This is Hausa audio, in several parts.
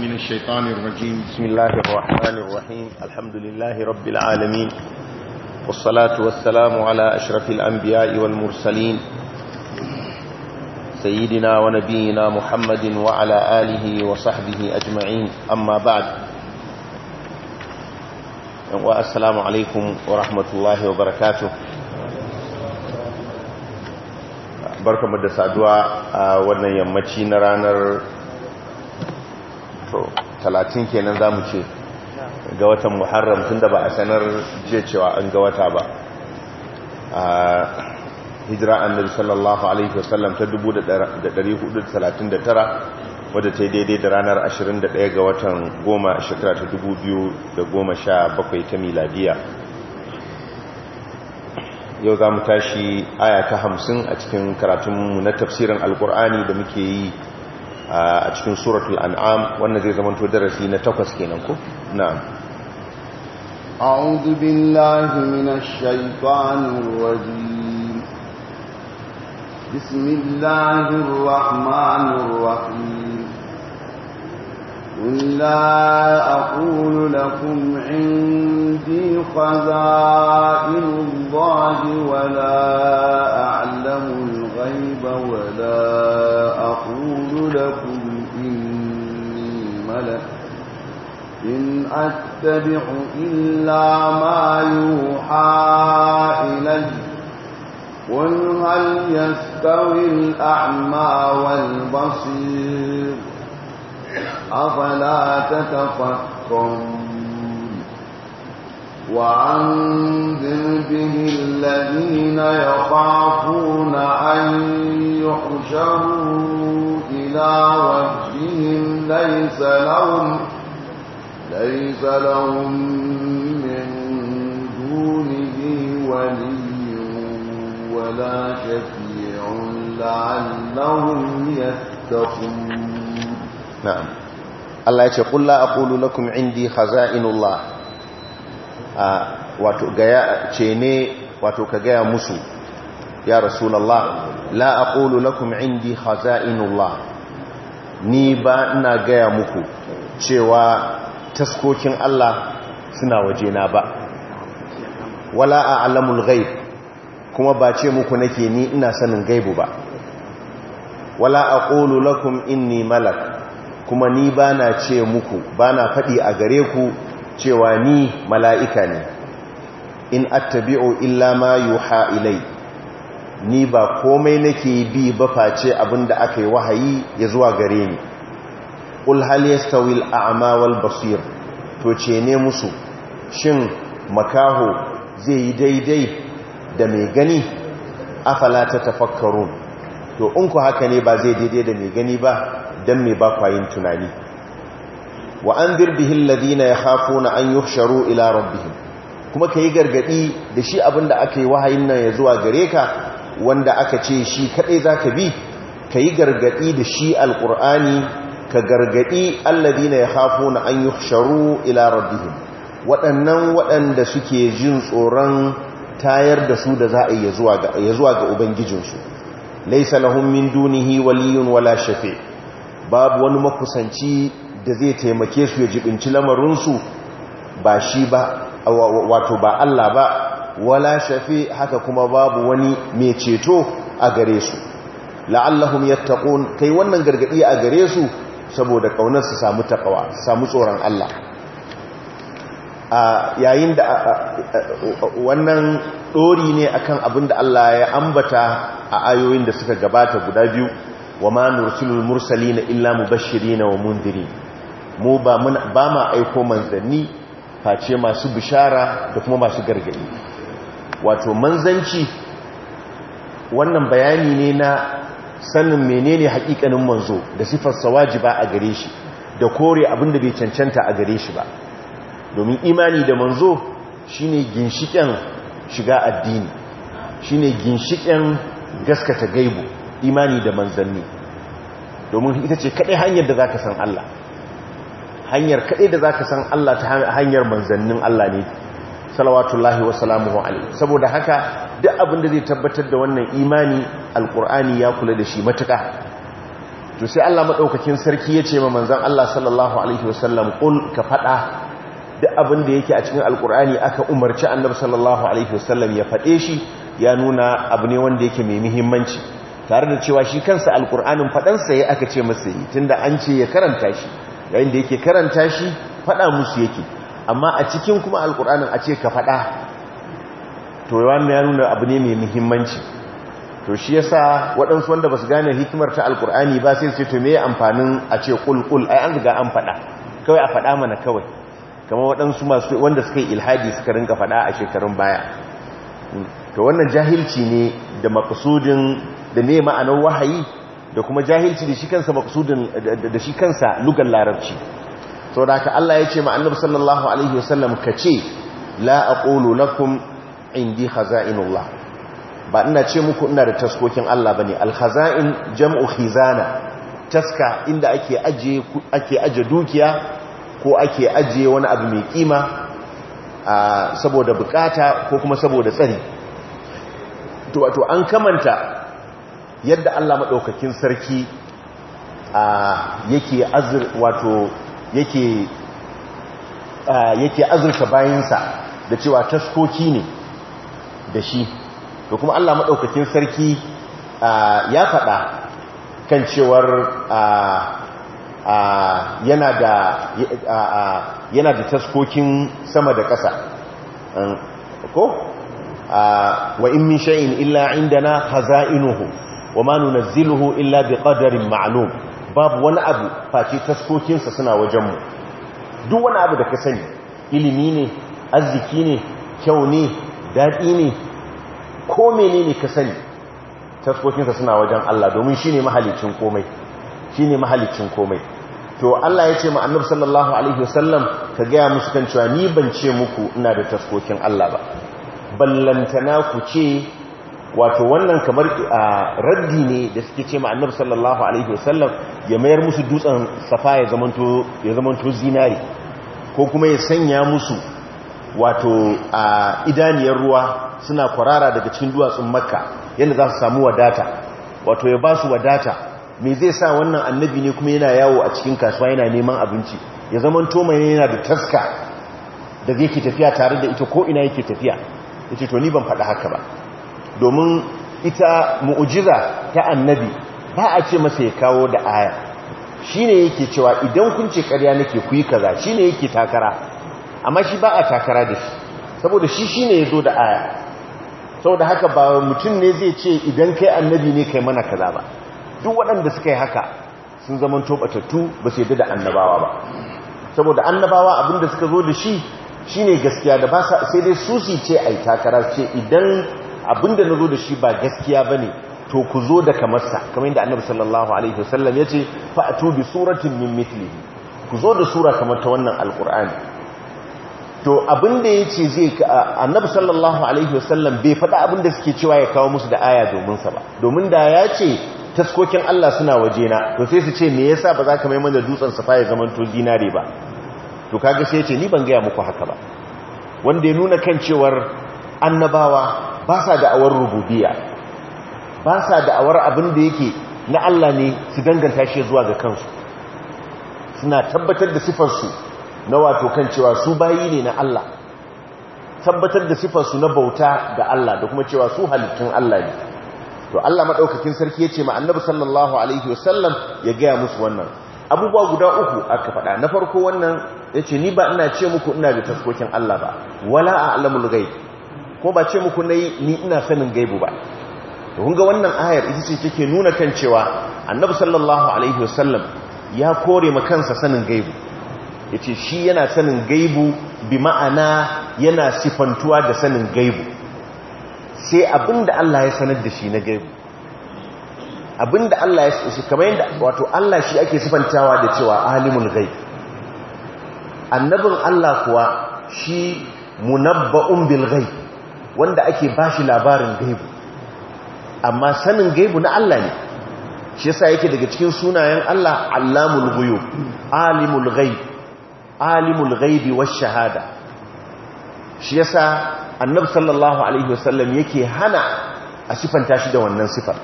من الشيطان الرجيم بسم الله الرحمن الرحيم الحمد لله رب العالمين والصلاة والسلام على أشرف الأنبياء والمرسلين سيدنا ونبينا محمد وعلى آله وصحبه أجمعين أما بعد والسلام عليكم ورحمة الله وبركاته barkamu da saduwa a wannan yammaci na ranar 30 talatin kenan zamu ce ga watan muharram tun da ba a sanar je cewa an ga wata ba a hijira annabi sallallahu alaihi wasallam ta 1439 wadda ta yi daidai da ranar 21 ga watan goma shekara ta 2017 ta miladiya yau za mu tashi aya ta hamsin a cikin karatunmu na tafsirin alkur'ani da muke yi a cikin suratul an'am wannan zai zama darasi na takwas kenan ku na'am a'udhu billahi minash shaitanir rajim bismillahir rahmanir rahim la aqulu lakum indi qada'in wa la a'lamu الغيب ولا أقول لكم إني ملك إن أتبع إلا ما يوحى إلي قل هل يستوي الأعمى والبصير أفلا تتفكرون وأنذر به الذين يخافون أن يحشروا إلى وجههم ليس لهم ليس لهم من دونه ولي ولا شفيع لعلهم يتقون نعم الله يقول لا أقول لكم عندي خزائن الله wato gaya ce ne wato ka gaya musu ya rasulallah la aqulu lakum indi khaza'inullah ni ba ina gaya muku cewa taskokin Allah suna waje na ba wala a'lamul ghaib kuma ba ce muku nake ni ina sanin gaibu ba wala a aqulu lakum inni malak kuma ni bana ce muku bana fadi a gare ku cewa ni mala'ika ne in attabi'u illa ma ha ilai ni ba komai nake bi ba face abin da aka yi wahayi ya zuwa gare ni qul hal yastawi al basir to ce ne musu shin makaho zai yi daidai da mai gani afala ta tafakkarun to in ku haka ne ba zai daidai da mai gani ba don mai ba kwayin tunani wa Ladina ya hafu yakhafuna an yuhsharu ila rabbihim kuma yi gargadi da shi abinda aka yi wahayin nan ya zuwa gare ka wanda aka ce shi za zaka bi Ka yi gargadi da shi alƙur'ani ka gargadi hafu yakhafuna an yuhsharu ila rabbihim waɗannan waɗanda suke jin tsoron tayar da su da za a yi zuwa ga ubangijinsu laisa lahum min dunihi waliyun wala shafi babu wani makusanci da zai taimake su ya jibinci lamarinsu ba shi ba wato ba Allah ba wala shafi haka kuma babu wani mai ceto a gare su la'allahum yattaqun kai wannan gargadi a gare su saboda ƙaunar su samu takawa samu tsoron Allah a yayin da wannan ɗori ne akan abin da Allah ya ambata a ayoyin da suka gabata guda biyu wa ma nursilul mursalina illa mubashirin wa mundirin mu ba ma aiko manzanni face masu bishara da kuma masu gargadi wato manzanci wannan bayani ne na sanin menene hakikanin manzo da sifarsa wajiba a gare shi da kore abinda bai cancanta a gare shi ba domin imani da manzo shine ginshiken shiga addini shine ginshiken gaskata gaibu imani da manzanni domin ita ce kaɗai hanyar da za ka san Allah hanyar kaɗai da za ka san Allah ta hanyar manzannin Allah ne salawatullahi wa salamuhu alaihi saboda haka duk abin da zai tabbatar da wannan imani alkur'ani ya kula da shi matuƙa to sai Allah madaukakin sarki ya ce ma manzon Allah sallallahu alaihi wasallam ka faɗa duk abinda yake a cikin alkur'ani aka umarci annabi sallallahu alaihi wasallam ya faɗe shi ya nuna abu ne wanda yake mai muhimmanci tare da cewa shi kansa alkur'anin faɗansa ya aka ce masa yi tunda an ce ya karanta shi yayin da yake karanta shi faɗa musu yake amma a cikin kuma alkur'anin a ce ka faɗa to wannan ya nuna abu ne mai muhimmanci to shi yasa waɗansu wanda ba su gane hikimar ta alkur'ani ba sai su to me amfanin a ce kulkul ai an riga an faɗa kawai a faɗa mana kawai kamar waɗansu masu wanda suka yi ilhadi suka rinka faɗa a shekarun baya hmm. to wannan jahilci ne da maqsudin da ne ma'anar wahayi da kuma jahilci da shi kansa maqsudin da shi kansa lugar larabci da haka Allah ya ce ma annabi sallallahu alaihi wasallam kace la aqulu lakum indi khaza'inullah ba ina ce muku ina da taskokin Allah bane ne alhaza'in jam'u khizana taska inda ake aje ake aje dukiya ko ake aje wani abu mai kima saboda bukata ko kuma saboda tsari to wato an kamanta yadda Allah maɗaukakin sarki yake azur wato yake yake azurta bayansa da cewa taskoki ne da shi to kuma Allah maɗaukakin sarki ya faɗa kan cewar yana da yana da taskokin sama da ƙasa ko wa in min shay'in illa indana khaza'inuhu wa ma nunazziluhu illa bi qadarin ma'lum babu wani abu face taskokinsa suna wajenmu duk wani abu da ka sani ilimi ne arziki ne kyau ne daɗi ne ko menene ka sani taskokinsa suna wajen Allah domin shine mahalicin komai shine mahalicin komai to Allah ya ce ma annabi sallallahu alaihi wasallam ka gaya musu kan cewa ni ban ce muku ina da taskokin Allah ba ballantana ku ce wato wannan kamar raddi ne da suke ce ma'anar sallallahu alaihi wasallam ya mayar musu dutsen safa ya zamanto zinari ko kuma ya sanya musu wato a idaniyar ruwa suna kwarara daga cikin duwatsun makka yadda za su samu wadata wato ya ba su wadata me zai sa wannan annabi ne kuma yana yawo a cikin kasuwa yana neman abinci ya zamanto mai yana da taska da zai ke tafiya tare da ita ko ina yake tafiya ita to ni ban faɗa haka ba domin ita mu'ujiza ta annabi ba a ce masa ya kawo da aya shine ne yake cewa idan kun ce karya nake ku yi kaza shi ne yake takara amma shi ba a takara da shi saboda shi shine ne ya zo da aya saboda haka ba mutum ne zai ce idan kai annabi ne kai mana kaza ba duk waɗanda suka yi haka sun zama tobatattu ba su yadda da annabawa ba saboda annabawa abinda suka zo da shi shine gaskiya da ba sai dai su su ce a yi takara ce idan abinda na zo da shi ba gaskiya ba ne to ku zo da kamarsa kamar yadda annabi sallallahu alaihi wasallam ya ce fa'atu bi suratin min mithlihi ku zo da sura kamar ta wannan alqur'ani to abinda ce zai annabi sallallahu alaihi wasallam bai faɗa abinda suke cewa ya kawo musu da aya domin sa ba domin da ya ce taskokin Allah suna waje na. to sai su ce me yasa ba za ka mai mana dutsen safa ya zaman to dinare ba to kaga sai ya ce ni ban ga muku haka ba wanda ya nuna kan cewar annabawa ba sa awar rububiya ba sa awar abin da yake na Allah ne su danganta shi zuwa ga kansu suna tabbatar da sifarsu na wato kan cewa su bayi ne na Allah tabbatar da sifarsu na bauta ga Allah da kuma cewa su halittun Allah ne to Allah madaukakin sarki yace ma annabi sallallahu alaihi wasallam ya gaya musu wannan abubuwa guda uku aka faɗa na farko wannan yace ni ba ina ce muku ina da taskokin Allah ba wala a'lamul ghaib ko ba ce muku na yi ni ina sanin gaibu ba Da kun ga wannan ayar ita ce take nuna kan cewa annabi sallallahu alaihi wasallam ya kore ma kansa sanin gaibu yace shi yana sanin gaibu bi ma'ana yana sifantuwa da sanin gaibu sai abinda Allah ya sanar da shi na gaibu abinda Allah ya shi kamar yadda wato Allah shi ake sifantawa da cewa alimul ghaib annabin Allah kuwa shi munabba'un bil ghaib wanda ake ba shi labarin gaibu amma sanin gaibu na Allah ne shi yasa yake daga cikin sunayen Allah Allamul Ghuyub Alimul Ghaib Alimul Ghaibi wash Shahada shi yasa Annabi sallallahu alaihi wasallam yake hana a sifanta shi da wannan sifar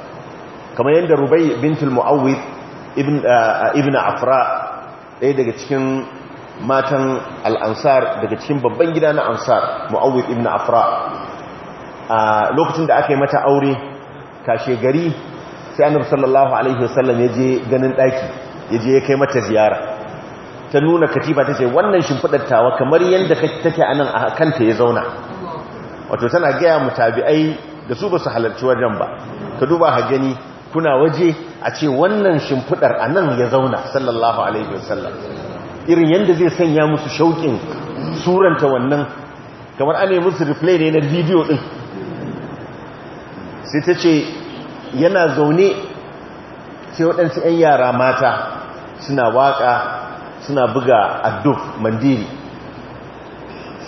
kamar yadda Rubai bintul Muawwid ibn uh, uh, ibn Afra ɗaya daga cikin matan al-Ansar daga cikin babban gida na Ansar Muawwid ibn Afra a lokacin da aka yi mata aure kashe gari sai annabi sallallahu alaihi wasallam ya je ganin ɗaki ya je ya kai mata ziyara ta nuna katifa ta ce wannan shimfidar tawa kamar yadda take anan a kanta ya zauna wato tana gaya mu tabi'ai da su ba su halarci wajen ba ka duba ha gani kuna waje a ce wannan a nan ya zauna sallallahu alaihi wasallam irin yadda zai sanya musu shauƙin suranta wannan kamar an yi musu replay ne na bidiyo din sai ta ce yana zaune sai waɗansu 'yan yara mata suna waƙa suna buga adduf mandiri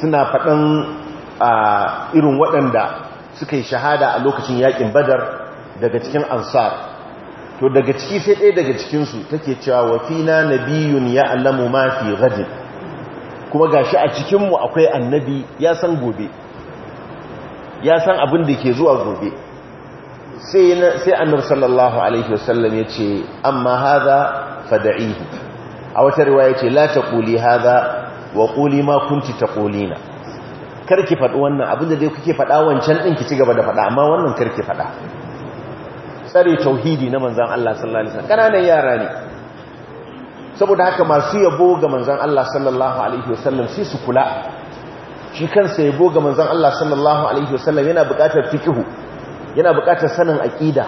suna faɗin irin waɗanda suka yi shahada a lokacin yaƙin badar daga cikin ansar to daga ciki sai ɗaya daga cikinsu take cewa wafina nabiyun ya allamu mafi gadin kuma gashi a cikinmu akwai annabi ya san gobe ya san abin da ke zuwa gobe sai annabi sallallahu alaihi wasallam ya ce amma haza fada'ihi a wata riwaya ce la taquli haza wa quli ma kunti taqulina karki faɗi wannan abinda dai kuke faɗa wancan ɗin ki ci gaba da faɗa amma wannan karki faɗa tsare tauhidi na manzan Allah sallallahu alaihi wasallam kananan yara ne saboda haka masu yabo ga manzan Allah sallallahu alaihi wasallam sai su kula shi kansa yabo ga manzan Allah sallallahu alaihi wasallam yana buƙatar fikihu yana buƙatar sanin aƙida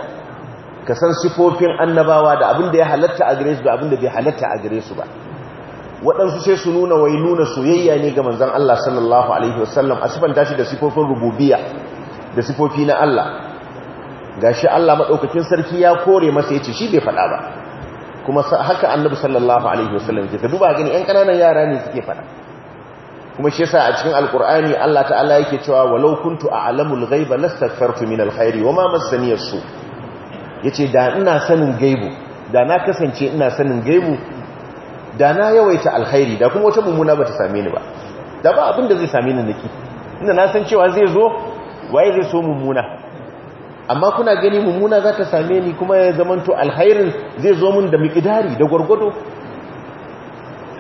ka san sifofin annabawa da abin da ya halatta a gare su da abin da bai halatta a gare su ba waɗansu sai su nuna wai nuna soyayya ne ga manzan Allah sallallahu alaihi wasallam a sifanta shi da sifofin rububiya da sifofi na Allah gashi Allah madaukakin sarki ya kore masa ya ce shi bai faɗa ba kuma haka annabi sallallahu alaihi wasallam duba gani ƴan ƙananan yara ne suke faɗa kuma shi yasa a cikin alkur'ani Allah ta'ala yake cewa walau kuntu a'lamul ghaiba lastaghfartu min alkhairi wama massani yasu yace da ina sanin gaibu da na kasance ina sanin gaibu da na yawaita alkhairi da kuma wata mumuna bata same ni ba da ba abinda zai same ni niki inda na san cewa zai zo waye zai so mumuna? amma kuna gani mumuna za ta same ni kuma ya zamanto alkhairin zai zo mun da miqdari da gwargwado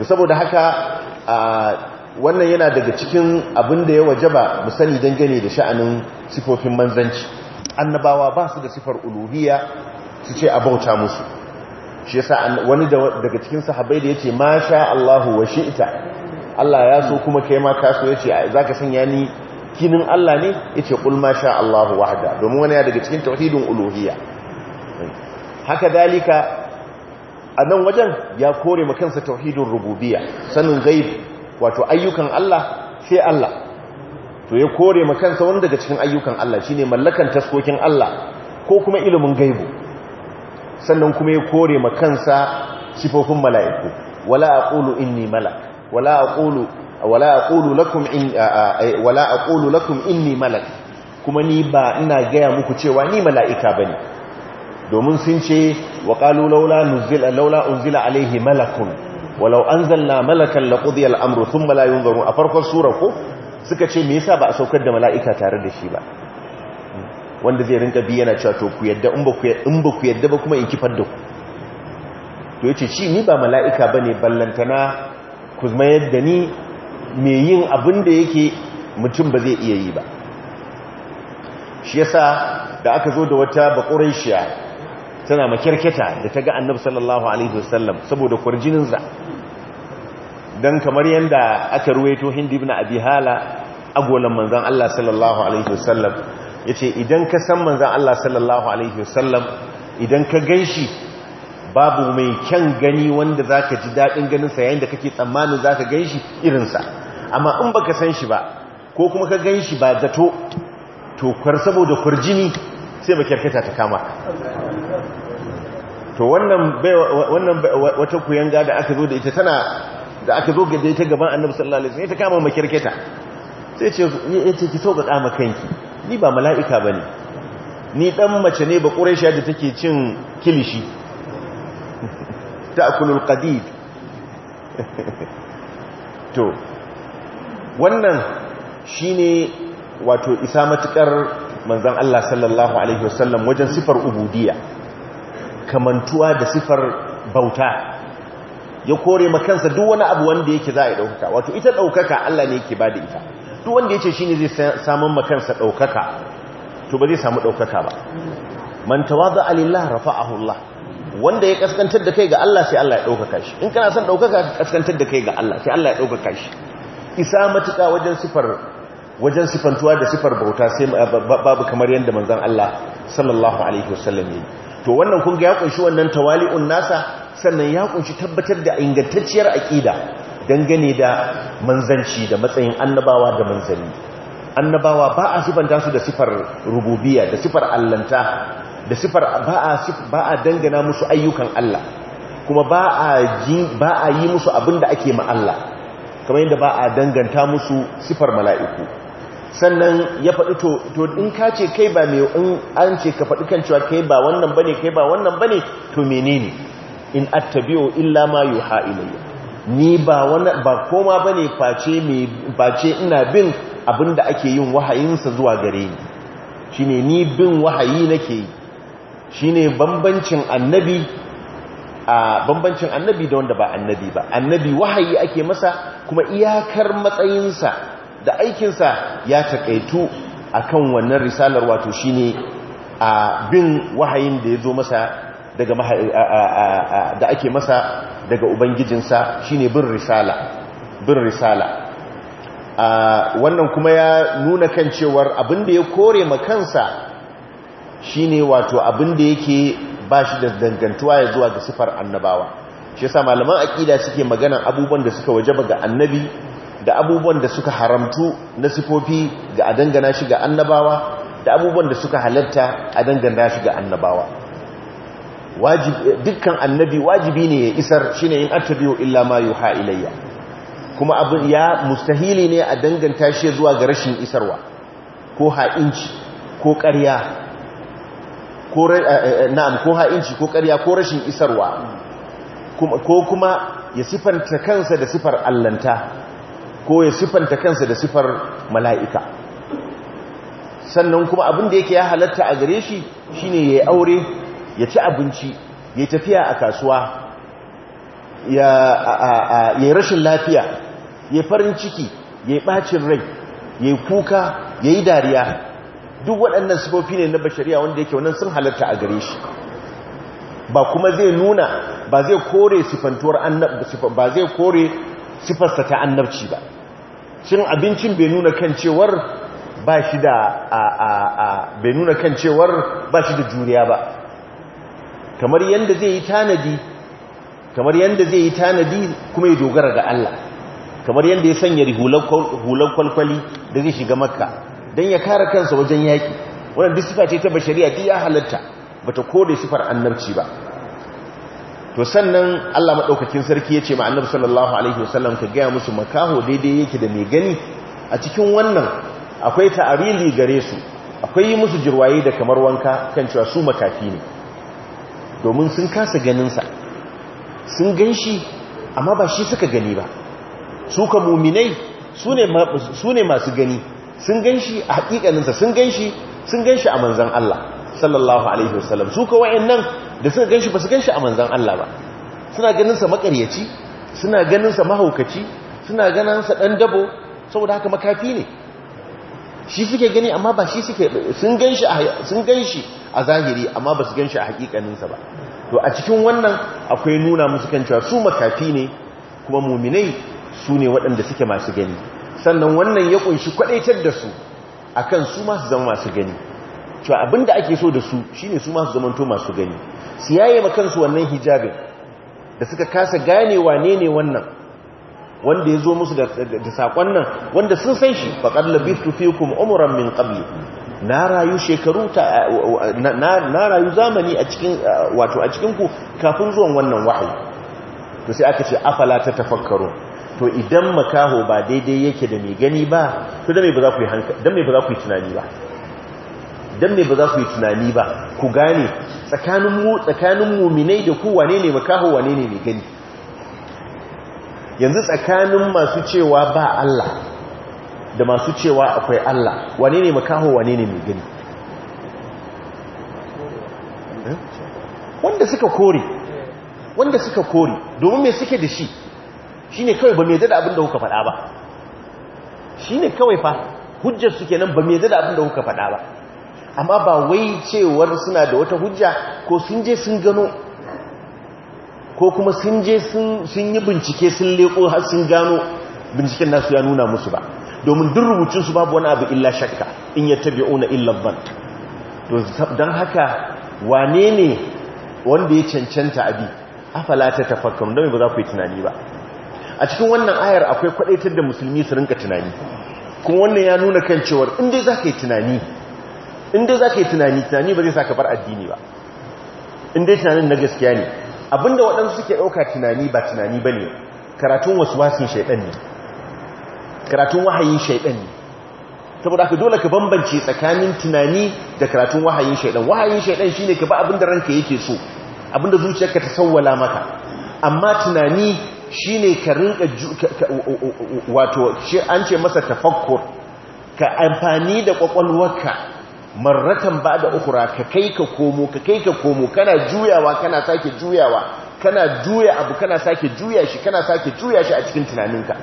saboda haka wannan yana daga cikin abin da ya wajaba mu sani dangane da sha'anin sifofin manzanci annabawa ba su da sifar uluhiya su ce a bauta musu shi yasa wani daga cikin sahabbai da yace ma sha Allahu wa shi'ta Allah ya so kuma kai ma ka so yace zaka sanya ni kinin Allah ne yace ce ma sha Allahu wahda domin wani ya daga cikin tauhidin uluhiyya haka dalika a nan wajen ya kore ma kansa tauhidin rububiyya sanin gaib wato ayyukan Allah sai Allah to ya kore ma kansa wani daga cikin ayyukan Allah shine mallakan taskokin Allah ko kuma ilimin gaibu sannan kuma ya kore ma kansa sifofin mala'iku wala aqulu inni malak wala aqulu wala aqulu lakum in wala aqulu lakum inni malak kuma ni ba ina gaya muku cewa ni mala'ika bane domin sun ce wa laula nuzila laula unzila alaihi malakun walau zalla malakan laqudiya al sun thumma la a farkon sura ko suka ce me yasa ba a saukar da mala'ika tare da shi ba wanda zai rinka biya yana cewa to ku yadda in ba ku yadda ba kuma in kifar da ku to yace ci ni ba mala'ika bane ballantana ku zama yadda ni me yin abin da yake mutum ba zai iya yi ba shi yasa da aka zo da wata baƙuraishiya tana makirketa da ta ga annabi sallallahu alaihi wasallam saboda kwarjininsa don kamar yadda aka ruwaito hindi ibn abi hala agolan manzan Allah sallallahu alaihi wasallam ya idan ka san manzan Allah sallallahu alaihi wasallam idan ka gan shi babu mai kyan gani wanda zaka ji daɗin ganinsa yayin da kake tsammanin zaka ganshi shi irinsa amma in ba ka san shi ba ko kuma ka ganshi ba zato tokar saboda kurjini sai ba kyarkata ta kama to wannan wannan wata kuyanga da aka zo da ita tana da aka zo da ita gaban annabi sallallahu alaihi wasallam ita kama makirketa sai ce yace ki sauka kama kanki ni ba mala'ika bane ni dan mace ne ba quraisha da take cin kilishi ta'kulul qadid to wannan shine wato isa matukar manzon Allah sallallahu alaihi wasallam wajen sifar ubudiyya kamantuwa da sifar bauta ya kore makansa duk wani abu wanda yake za a yi ɗaukaka wato ita ɗaukaka Allah ne yake ba da ita duk wanda ya ce shi ne zai samun makansa ɗaukaka to ba zai samu ɗaukaka ba man tawaza alillah rafa'ahu Allah wanda ya kaskantar da kai ga Allah sai Allah ya ɗaukaka shi in kana son ɗaukaka ka kaskantar da kai ga Allah sai Allah ya ɗaukaka shi isa matuƙa wajen sifar wajen sifantuwa da sifar bauta sai babu kamar yadda manzon Allah sallallahu alaihi wasallam yi to wannan kunga ya kunshi wannan tawali'un nasa sannan ya kunshi tabbatar da ingantacciyar aqida dangane da manzanci da matsayin annabawa da manzanni annabawa ba a sifanta su da sifar rububiya, da sifar allanta da sifar ba a ba a dangana musu ayyukan Allah kuma ba a ba a yi musu abin da ake ma Allah kamar yadda ba a danganta musu sifar mala'iku sannan ya faɗi to in ka ce kai ba mai in an ce ka faɗi kan cewa kai ba wannan bane kai ba wannan bane to menene in attabi'u illa ma yuha ilayya ni ba wannan ba koma bane face me face ina bin abinda ake yin wahayinsa zuwa gare ni shine ni bin wahayi nake yi shine bambancin annabi a bambancin annabi da wanda ba annabi ba annabi wahayi ake masa kuma iyakar matsayinsa da aikinsa ya takaitu akan wannan risalar wato shine a bin wahayin da ya zo masa daga da ake masa daga ubangijinsa shine bin risala bin risala wannan kuma ya nuna kan cewar abin ya kore ma kansa shine wato abinda da yake ba shi da dangantuwa ya zuwa ga sifar annabawa shi yasa malaman aƙida suke maganan abubuwan da suka wajaba ga annabi da abubuwan da suka haramtu na sifofi ga a dangana shi ga annabawa da abubuwan da suka halatta a dangana shi ga annabawa dukkan annabi wajibi ne ya isar shi ne in attabiyo illa ma yi ha'ilayya kuma abu ya mustahili ne a danganta shi zuwa ga rashin isarwa ko ha'inci ko ƙarya eh, eh, eh, na'am ko ha'inci ko ƙarya ko rashin isarwa ko kuma ya sifanta kansa da sifar allanta ko ya sifanta kansa da sifar mala'ika sannan kuma abin da yake ya halatta a gare shi shine ya yi aure ya ci abinci ya tafiya a kasuwa ya yi rashin lafiya ya farin ciki ya yi ɓacin rai ya yi kuka ya yi dariya duk waɗannan sifofi ne na bashariya wanda yake wannan sun halatta a gare shi ba kuma zai nuna ba zai kore annabba ba zai kore sifarsa ta annabci ba cin abincin bai nuna kan cewar ba shi da bai nuna kan cewar ba shi da juriya ba kamar yadda zai yi tanadi kamar yadda zai yi tanadi kuma ya dogara ga Allah kamar yadda ya sanya hular kwalkwali da zai shiga makka don ya kare kansa wajen yaƙi wannan duk sifa ce ta bashariya a ya halatta bata kore sifar annabci ba to sannan Allah maɗaukakin sarki ya ce ma annabi sallallahu alaihi wasallam ka gaya musu makaho daidai yake da mai gani a cikin wannan akwai ta'arili gare su akwai yi musu jirwaye da kamar wanka kan cewa su makafi ne domin sun kasa ganinsa sun gan amma ba shi suka gani ba su ka muminai su ne masu gani sun gan shi a hakikaninsa sun ganshi sun gan a manzan Allah sallallahu alaihi wasallam su ka wa'in nan da suka ganshi ba su ganshi a manzan Allah ba suna ganinsa makaryaci suna ganinsa mahaukaci suna ganinsa ɗan dabo saboda haka makafi ne shi suke gani amma ba shi suke sun ganshi a zahiri amma ba su ganshi a hakikaninsa ba to a cikin wannan akwai nuna musu kan cewa su makafi ne kuma muminai su ne waɗanda suke masu gani sannan wannan ya kunshi kwadaitar da su akan su masu zama masu gani abin da ake so da su shine su masu zamanto masu gani su yaye makansu wannan hijabin da suka kasa gane wane ne wannan wanda ya zo musu da sakon nan wanda sun san shi faqad labithtu kuma umran min qabli na rayu shekaru na rayu zamani a cikin wato a cikin ku kafin zuwan wannan wahayi to sai aka ce afala ta tafakkaru to idan makaho ba daidai yake da mai gani ba to ba za ku yi tunani ba don ne ba za ku yi tunani ba ku gane tsakanin mu tsakanin mu'minai da ku ne ne makaho wane ne mai gani yanzu tsakanin masu cewa ba Allah da masu cewa akwai Allah wane ne makaho wane ne mai gani eh? wanda suka kore wanda suka kore domin me suke da shi shi ne kawai ba mai da abin da kuka faɗa ba Shi ne kawai fa hujjar suke nan ba mai da abin da kuka faɗa ba amma ba wai cewar suna da wata hujja ko sun je sun gano ko kuma sun je sun yi bincike sun leko har sun gano binciken nasu ya nuna musu ba domin duk rubucinsu babu wani abu illa shakka in ya una illa bant don haka wane ne wanda ya cancanta abi afala ta tafakkaru don ba za ku yi tunani ba a cikin wannan ayar akwai kwadaitar da musulmi su rinka tunani kuma wannan ya nuna kan cewar inda za ka yi tunani inda za ka yi tunani tunani ba zai sa ka bar addini ba inda tunanin na gaskiya ne abinda waɗansu suke ɗauka tunani ba tunani ba ne karatun wasu wasin shaiɗan ne karatun wahayin shaiɗan ne saboda ka dole ka bambance tsakanin tunani da karatun wahayin shaiɗan wahayin shaiɗan ne ka ba abinda ranka yake so abinda zuciyarka ta sawwala maka amma tunani shi ne ka rinka wato an ce masa tafakkur ka amfani da kwakwalwarka marratan ba da ukura ka kai ka komo ka kai ka komo kana juyawa kana sake juyawa kana juya abu kana sake juya shi kana sake juya shi a cikin tunaninka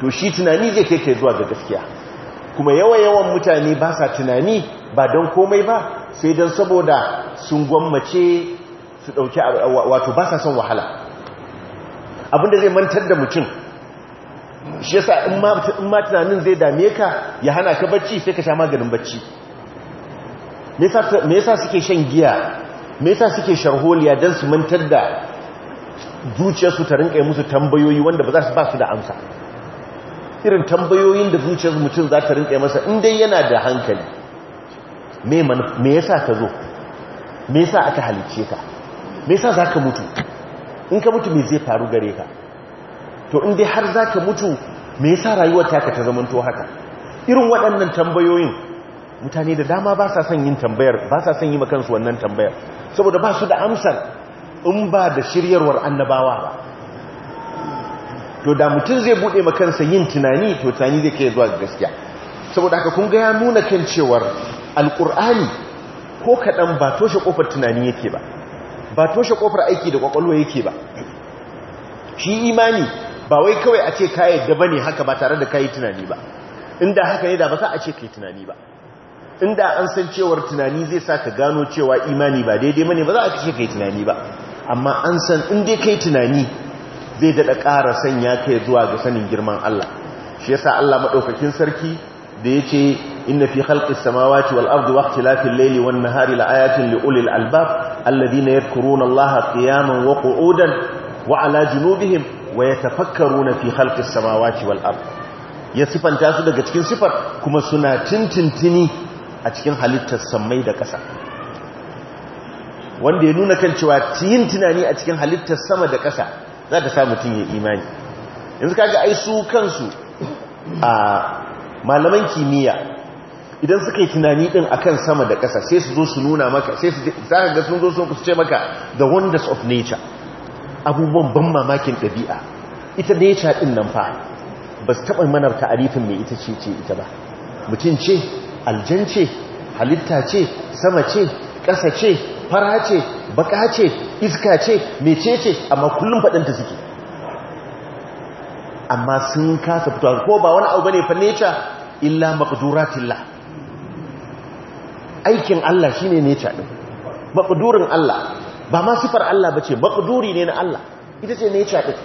to shi tunani zai kai ka zuwa ga gaskiya kuma yawa-yawan mutane ba sa tunani ba don komai ba sai don saboda sun gwammace su ɗauki wato ba sa son wahala abinda zai mantar da mutum shi yasa in ma tunanin zai dame ka ya hana ka bacci sai ka sha maganin bacci me yasa suke shan giya me yasa suke sharholiya don su mantar da zuciyarsu ta rinka musu tambayoyi wanda ba za su ba su da amsa irin tambayoyin da zuciyar mutum za ta rinka masa inda yana da hankali me yasa ka zo me yasa aka halicce ka me yasa za ka mutu in ka mutu me zai faru gare ka to inda har za ka mutu me yasa rayuwar taka ta zamanto haka irin waɗannan tambayoyin mutane da dama ba sa son yin tambayar ba sa son yi makansu wannan tambayar saboda ba su da amsar in ba da shiryarwar annabawa ba to da mutum zai buɗe makansa yin tunani to tunani zai kai zuwa gaskiya saboda haka kun ga ya nuna kan cewar alkur'ani ko kaɗan ba toshe ƙofar tunani yake ba ba toshe ƙofar aiki da ƙwaƙwalwa yake ba shi imani ba wai kawai a ce ka yadda ba ne haka ba tare da kayi tunani ba inda haka ne da ba za a ce ka yi tunani ba inda an san cewar tunani zai sa ka gano cewa imani ba daidai mani ba za a kashe kai tunani ba amma an san in dai kai tunani zai daɗa ƙara sanya kai zuwa ga sanin girman Allah shi yasa Allah maɗaukakin sarki da ya ce inna fi khalqis samawati wal ardi wa ikhtilafil layli wan nahari la ayatin li ulil albab alladhina yadhkuruna Allaha qiyaman wa qu'udan wa ala junubihim wa yatafakkaruna fi khalqis samawati wal ardi ya sifanta su daga cikin sifar kuma suna tintintini a cikin halittar sammai da ƙasa wanda ya nuna kan cewa yin tunani a cikin halittar sama da ƙasa za ta sa mutum ya imani yanzu kaga ai su kansu a malaman kimiyya idan suka yi tunani a kan sama da ƙasa sai su zo su nuna maka sai su zaka ga sun zo sun ce maka the wonders of nature abubuwan ban mamakin ɗabi'a ita nature ɗin nan fa ba su taɓa manar ta'arifin mai ita ce ce ita ba mutum ce aljance halitta ce sama ce ƙasa ce fara ce baka ce iska ce mece ce amma kullum faɗinta suke amma sun kasa fito ko ba wani abu ne fa illa maqduratillah aikin Allah shine nature din maqdurin Allah ba ma sifar Allah bace maqduri ne na Allah ita ce nature din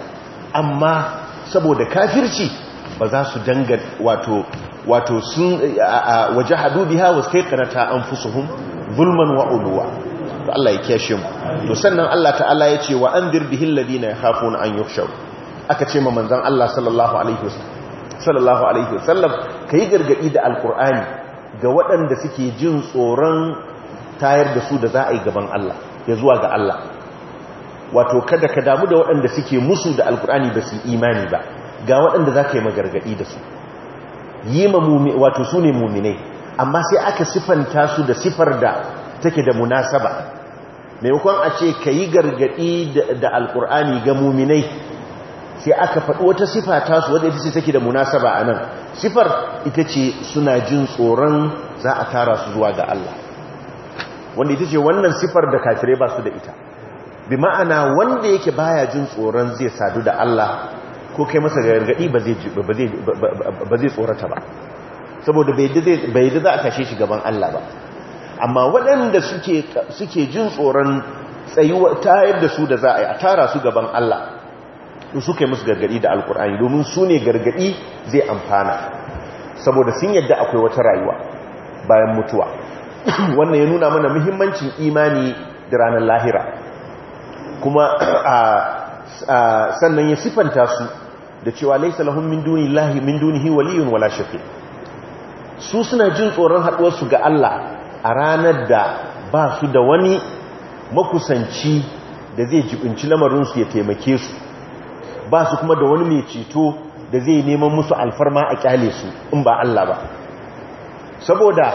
amma saboda kafirci ba za su danga wato wato sun waje hadu wasu kai karata an fusuhun zulman uluwa to Allah ya kyashe mu to sannan Allah ta'ala ya ce wa an hin ladina ya hafu na an yi shau aka ce ma manzan Allah sallallahu alaihi wasallam ka yi gargaɗi da alkur'ani ga waɗanda suke jin tsoron tayar da su da za a yi gaban Allah ya zuwa ga Allah wato kada ka damu da waɗanda suke musu da alkur'ani ba su imani ba ga waɗanda za ka yi magargaɗi da su yi ma mumi wato su ne mu'minai amma sai aka sifanta su da sifar da take da munasaba maimakon a ce yi gargadi da alkur'ani ga mu'minai sai aka faɗi wata sifa ta su wadda ita ce take da munasaba a nan sifar ita ce suna jin tsoron za a tara su zuwa ga Allah wanda ita ce wannan sifar da kafirai ba su da ita bi ma'ana wanda yake baya jin tsoron zai sadu da Allah ko kai masa gargadi ba zai tsorata ba saboda bai da za a tashe shi gaban Allah ba amma waɗanda suke jin tsoron tsayuwa ta yadda su da za a yi a tara su gaban Allah in su kai musu gargadi da alkur'ani domin su ne gargadi zai amfana saboda sun yadda akwai wata rayuwa bayan mutuwa wannan ya nuna mana muhimmancin imani da ranar lahira kuma sannan ya sifanta su da cewa laisa lahum min llahi min dunihi waliyun wala shafi su suna jin tsoron haduwar su ga Allah a ranar da ba su da wani makusanci da zai jibinci lamarin su ya taimake su ba su kuma da wani mai ceto da zai neman musu alfarma a kyale su in ba Allah ba saboda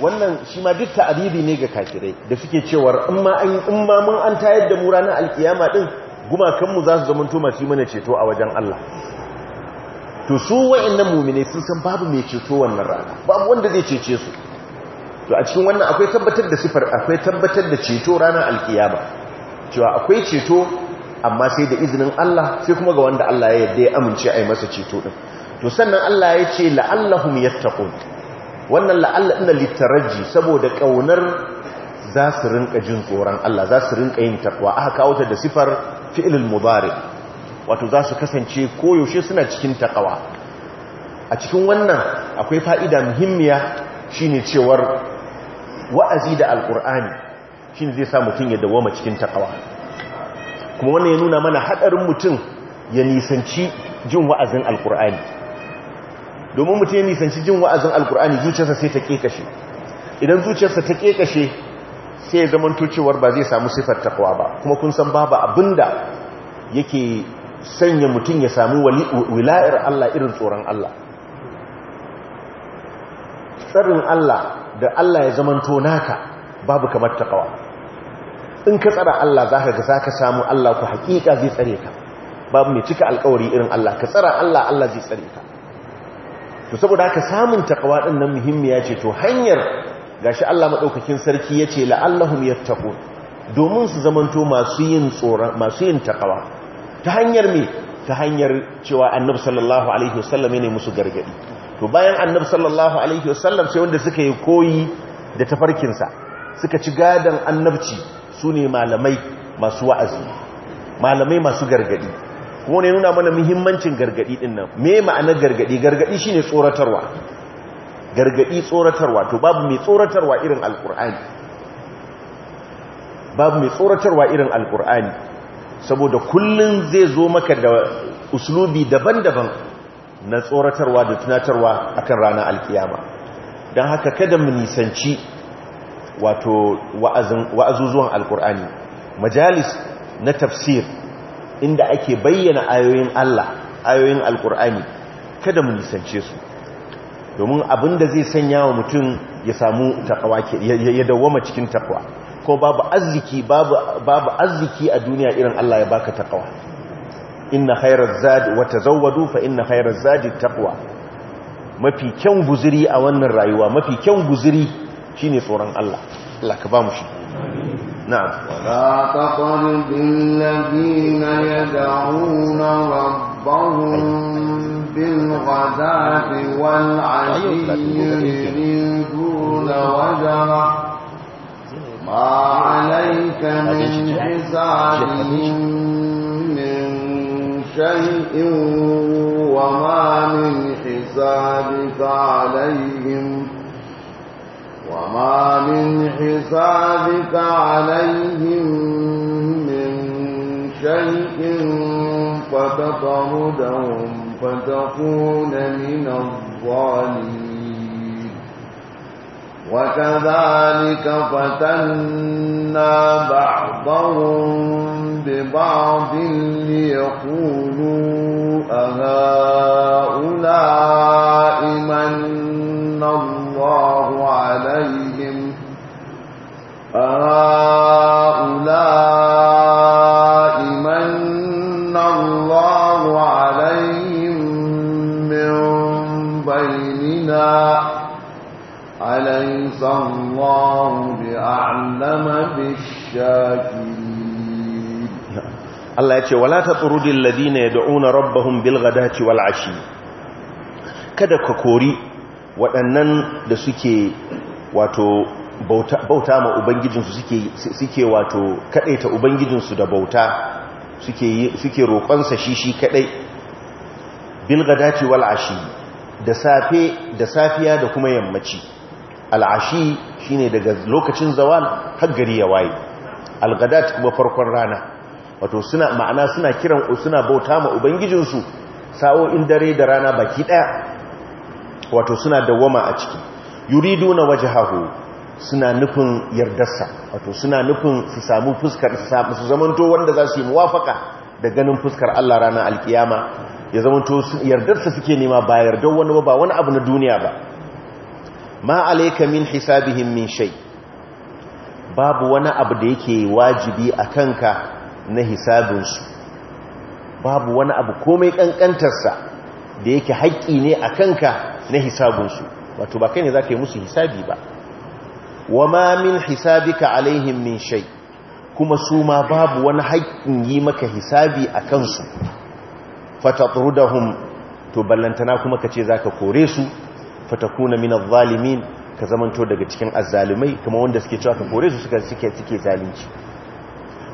wannan shi ma duk ta'aribi ne ga kakirai da suke cewar in ma mun an tayar da mu ranar alkiyama din gumakanmu za su zama tomaci mana ceto a wajen Allah to su wa'annan mumine sun san babu mai ceto wannan rana babu wanda zai cece su to a cikin wannan akwai tabbatar da sifar akwai tabbatar da ceto ranar alkiyama cewa akwai ceto amma sai da izinin Allah sai kuma ga wanda Allah ya yarda ya amince a yi masa ceto din to sannan Allah ya ce la'allahum yattaqun wannan la'alla inna litaraji saboda kaunar za su rinka jin tsoron Allah za su rinka yin takwa aka kawo ta da sifar fi'ilul mudari wato za su kasance koyaushe suna cikin takawa a cikin wannan akwai fa'ida muhimmiya shine cewar wa'azi da alkur'ani shine zai sa mutum ya dawoma cikin takawa kuma wannan ya nuna mana hadarin mutum ya nisanci jin wa'azin alkur'ani domin mutum ya nisanci jin wa'azin alkur'ani zuciyarsa sai ta kekashe idan zuciyarsa ta kekashe sai ya zamanto ba zai samu sifar takwa ba kuma kun san babu abinda yake sanya mutum ya samu wula'ir Allah irin tsoron Allah tsarin Allah da Allah ya zamanto naka babu kamar takawa in ka tsara Allah za ka gasa ka samu Allah ku hakika zai tsare ka babu mai cika alkawari irin Allah ka tsara Allah Allah zai tsare ka to saboda haka samun taƙawa din nan muhimmiya ce to hanyar gashi Allah maɗaukakin sarki yace la'allahum yattaqun domin su zamanto masu yin tsora masu yin takawa ta hanyar me ta hanyar cewa annabi sallallahu alaihi wasallam ne musu gargadi to bayan annabi sallallahu alaihi wasallam sai wanda suka yi koyi da tafarkinsa suka ci gadan annabci sune malamai masu wa'azi malamai masu gargadi kuma ne nuna mana muhimmancin gargadi din nan me ma'anar gargadi gargadi shine tsoratarwa gargadi tsoratarwa to babu mai tsoratarwa irin alkur'ani babu mai tsoratarwa irin alkur'ani saboda kullun zai zo maka da uslubi daban-daban na tsoratarwa da tunatarwa akan ranar alkiyama don haka kada mu nisanci wato wa'azuzuwan alkur'ani majalis na tafsir inda ake bayyana ayoyin Allah ayoyin alkur'ani kada mu nisance su domin abin da zai sanya wa mutum ya samu takawa ya dawwama cikin takawa ko babu arziki babu arziki a duniya irin Allah ya baka takawa inna khairaz zadi wa tazawwadu fa inna khairaz zadi taqwa mafi kyan guzuri a wannan rayuwa mafi kyan guzuri shine tsoron Allah Allah ka ba mu shi نعم ولا na الذين يدعون ربهم بالغداة والعشي أيوة، دون وجرة ما عليك من حسابهم من شيء وما من حسابك عليهم وما من حسابك عليهم من شيء فتطردهم فتكون من الظالمين وكذلك فتنا بعضهم ببعض ليقولوا أهؤلاء من الله عليهم أهؤلاء ليس الله بأعلم بالشاكرين الله يقول ولا تطرد الذين يدعون ربهم بالغداة والعشي kada ka kori waɗannan da suke wato bauta ma ubangijinsu suke wato kaɗaita ubangijinsu da bauta suke roƙonsa shi shi kaɗai bilgadaci wal ashi da safe da safiya da kuma yammaci al'ashi shi ne daga lokacin zawal har gari ya waye algadat kuma farkon rana wato suna ma'ana suna kiran suna bauta ma ubangijinsu sa'o'in dare da rana baki ɗaya, wato suna dawwama a ciki yuriduna haho suna nufin yardarsa wato suna nufin su samu fuskar su zamanto wanda za su yi muwafaka da ganin fuskar Allah rana alkiyama ya zamanto yardarsa suke nema ba yardar wani ba wani abu na duniya ba ma alaika min hisabihim min shay babu wani abu da yake wajibi a kanka na hisabinsu babu wani abu komai sa da yake haƙƙi ne a kanka na hisabinsu wato ba kai ne za yi musu hisabi ba wa ma min hisabika alaihim min shay kuma su ma babu wani haƙƙin yi maka hisabi a kansu fatatrudahum to ballantana kuma ka ce za ka kore su fatakuna min adh zalimin ka zamanto daga cikin azzalumai kuma wanda suke cewa ka kore su suka suke suke zalunci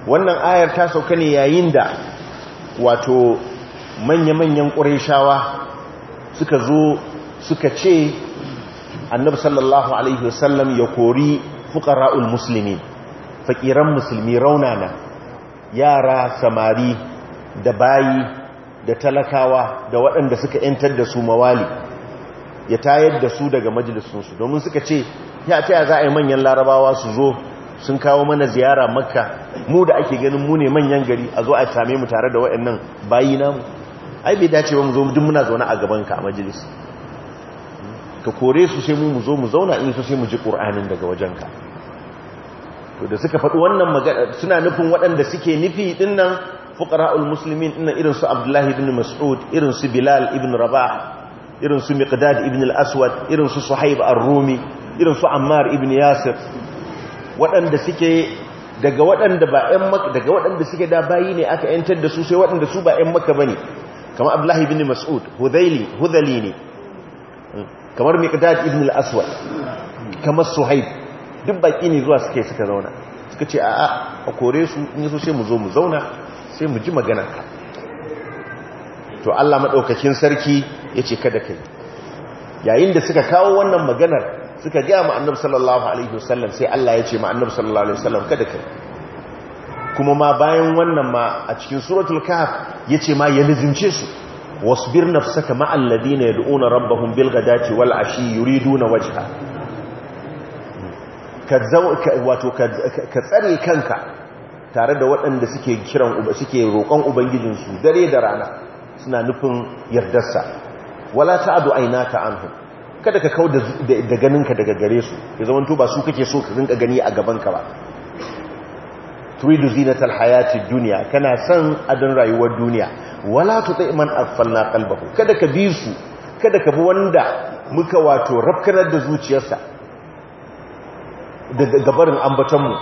wannan ayar ta sauka ne yayin da wato manya-manyan ƙurayshawa suka zo suka ce annabi sallallahu alaihi wasallam ya kori fuqara'ul muslimin fakiran musulmi raunana yara samari da bayi da talakawa da waɗanda suka ‘yantar da su mawali ya tayar da su daga majalisunsu domin suka ce ya taya za a yi manyan larabawa su zo sun kawo mana ziyara makka mu da ake ganin mu ne manyan gari a zo a same mu tare da waɗannan bayi namu ai bai dace ba mu zo duk muna zaune a gaban ka a majalis ka kore su sai mu mu zo mu zauna in su sai mu ji qur'anin daga wajen ka. to da suka faɗi wannan magana suna nufin waɗanda suke nufi dinnan fuqara'ul muslimin dinnan irin su abdullahi ibn mas'ud irin su bilal ibn rabah irin su miqdad ibn al-aswad irin su suhaib ar-rumi irin su ammar ibn yasir waɗanda suke daga waɗanda ba ƴan makka daga waɗanda suke da bayi ne aka yantar da su sai waɗanda su ba ƴan makka bane kamar abdullah ibn mas'ud hudayli hudali ne kamar miqdad ibn al-aswad kamar suhaib duk baki ne zuwa suke suka zauna suka ce a'a a kore su in yaso sai mu zo mu zauna sai mu ji magana to Allah madaukakin sarki ya ce kada kai yayin da suka kawo wannan maganar suka gaya ma annabi sallallahu alaihi wasallam sai Allah ya ce ma sallallahu alaihi wasallam kada kai kuma ma bayan wannan ma a cikin suratul kahf ce ma ya lizince su wasbir nafsaka ma alladhina yad'una rabbahum bil ghadati wal ashi yuriduna wajha ka wato ka tsare kanka tare da waɗanda suke kiran suke roƙon ubangijinsu dare da rana suna nufin yardarsa wala ta'adu aynaka anhum kada ka kauda da ganinka daga gare su ya zama to ba su kake so ka rinka gani a gaban ka ba turidu zinatal hayati duniya kana san adon rayuwar duniya wala tuti man kalba qalbahu kada ka bi su kada ka bi wanda muka wato rafkanar da zuciyarsa daga gabarin ambatan mu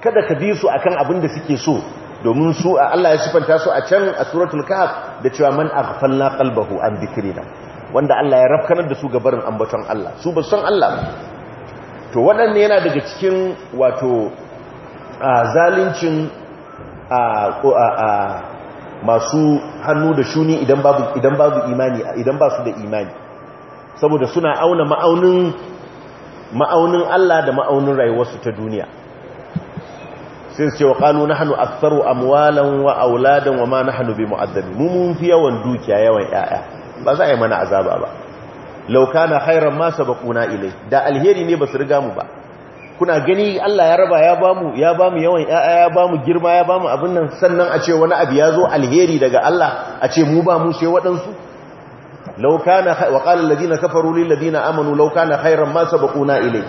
kada ka bi su akan abin da suke so domin su a Allah ya sifanta su a can a suratul kahf da cewa man aghfalna qalbahu an dhikrina wanda Allah ya rafkanar da su ga barin ambaton Allah su ba san Allah to waɗanne yana daga cikin wato zalincin masu hannu da shuni idan babu idan babu imani idan ba su da imani saboda suna auna ma'aunin ma'aunin Allah da ma'aunin rayuwarsu ta duniya sai ce wa hannu nahnu a amwalan wa auladan wa ma hannu bi mu'addabi mu mun fi yawan dukiya yawan yaya ba za a yi mana azaba ba na hairan masa ba kuna ilai da alheri ne ba su riga mu ba kuna gani Allah ya raba ya bamu ya bamu yawan yaya ya bamu girma ya bamu abin nan sannan a ce wani abu ya zo alheri daga Allah a ce mu ba mu sai waɗansu wa qala alladhina kafaru ladina amanu na kana khairan ma ilai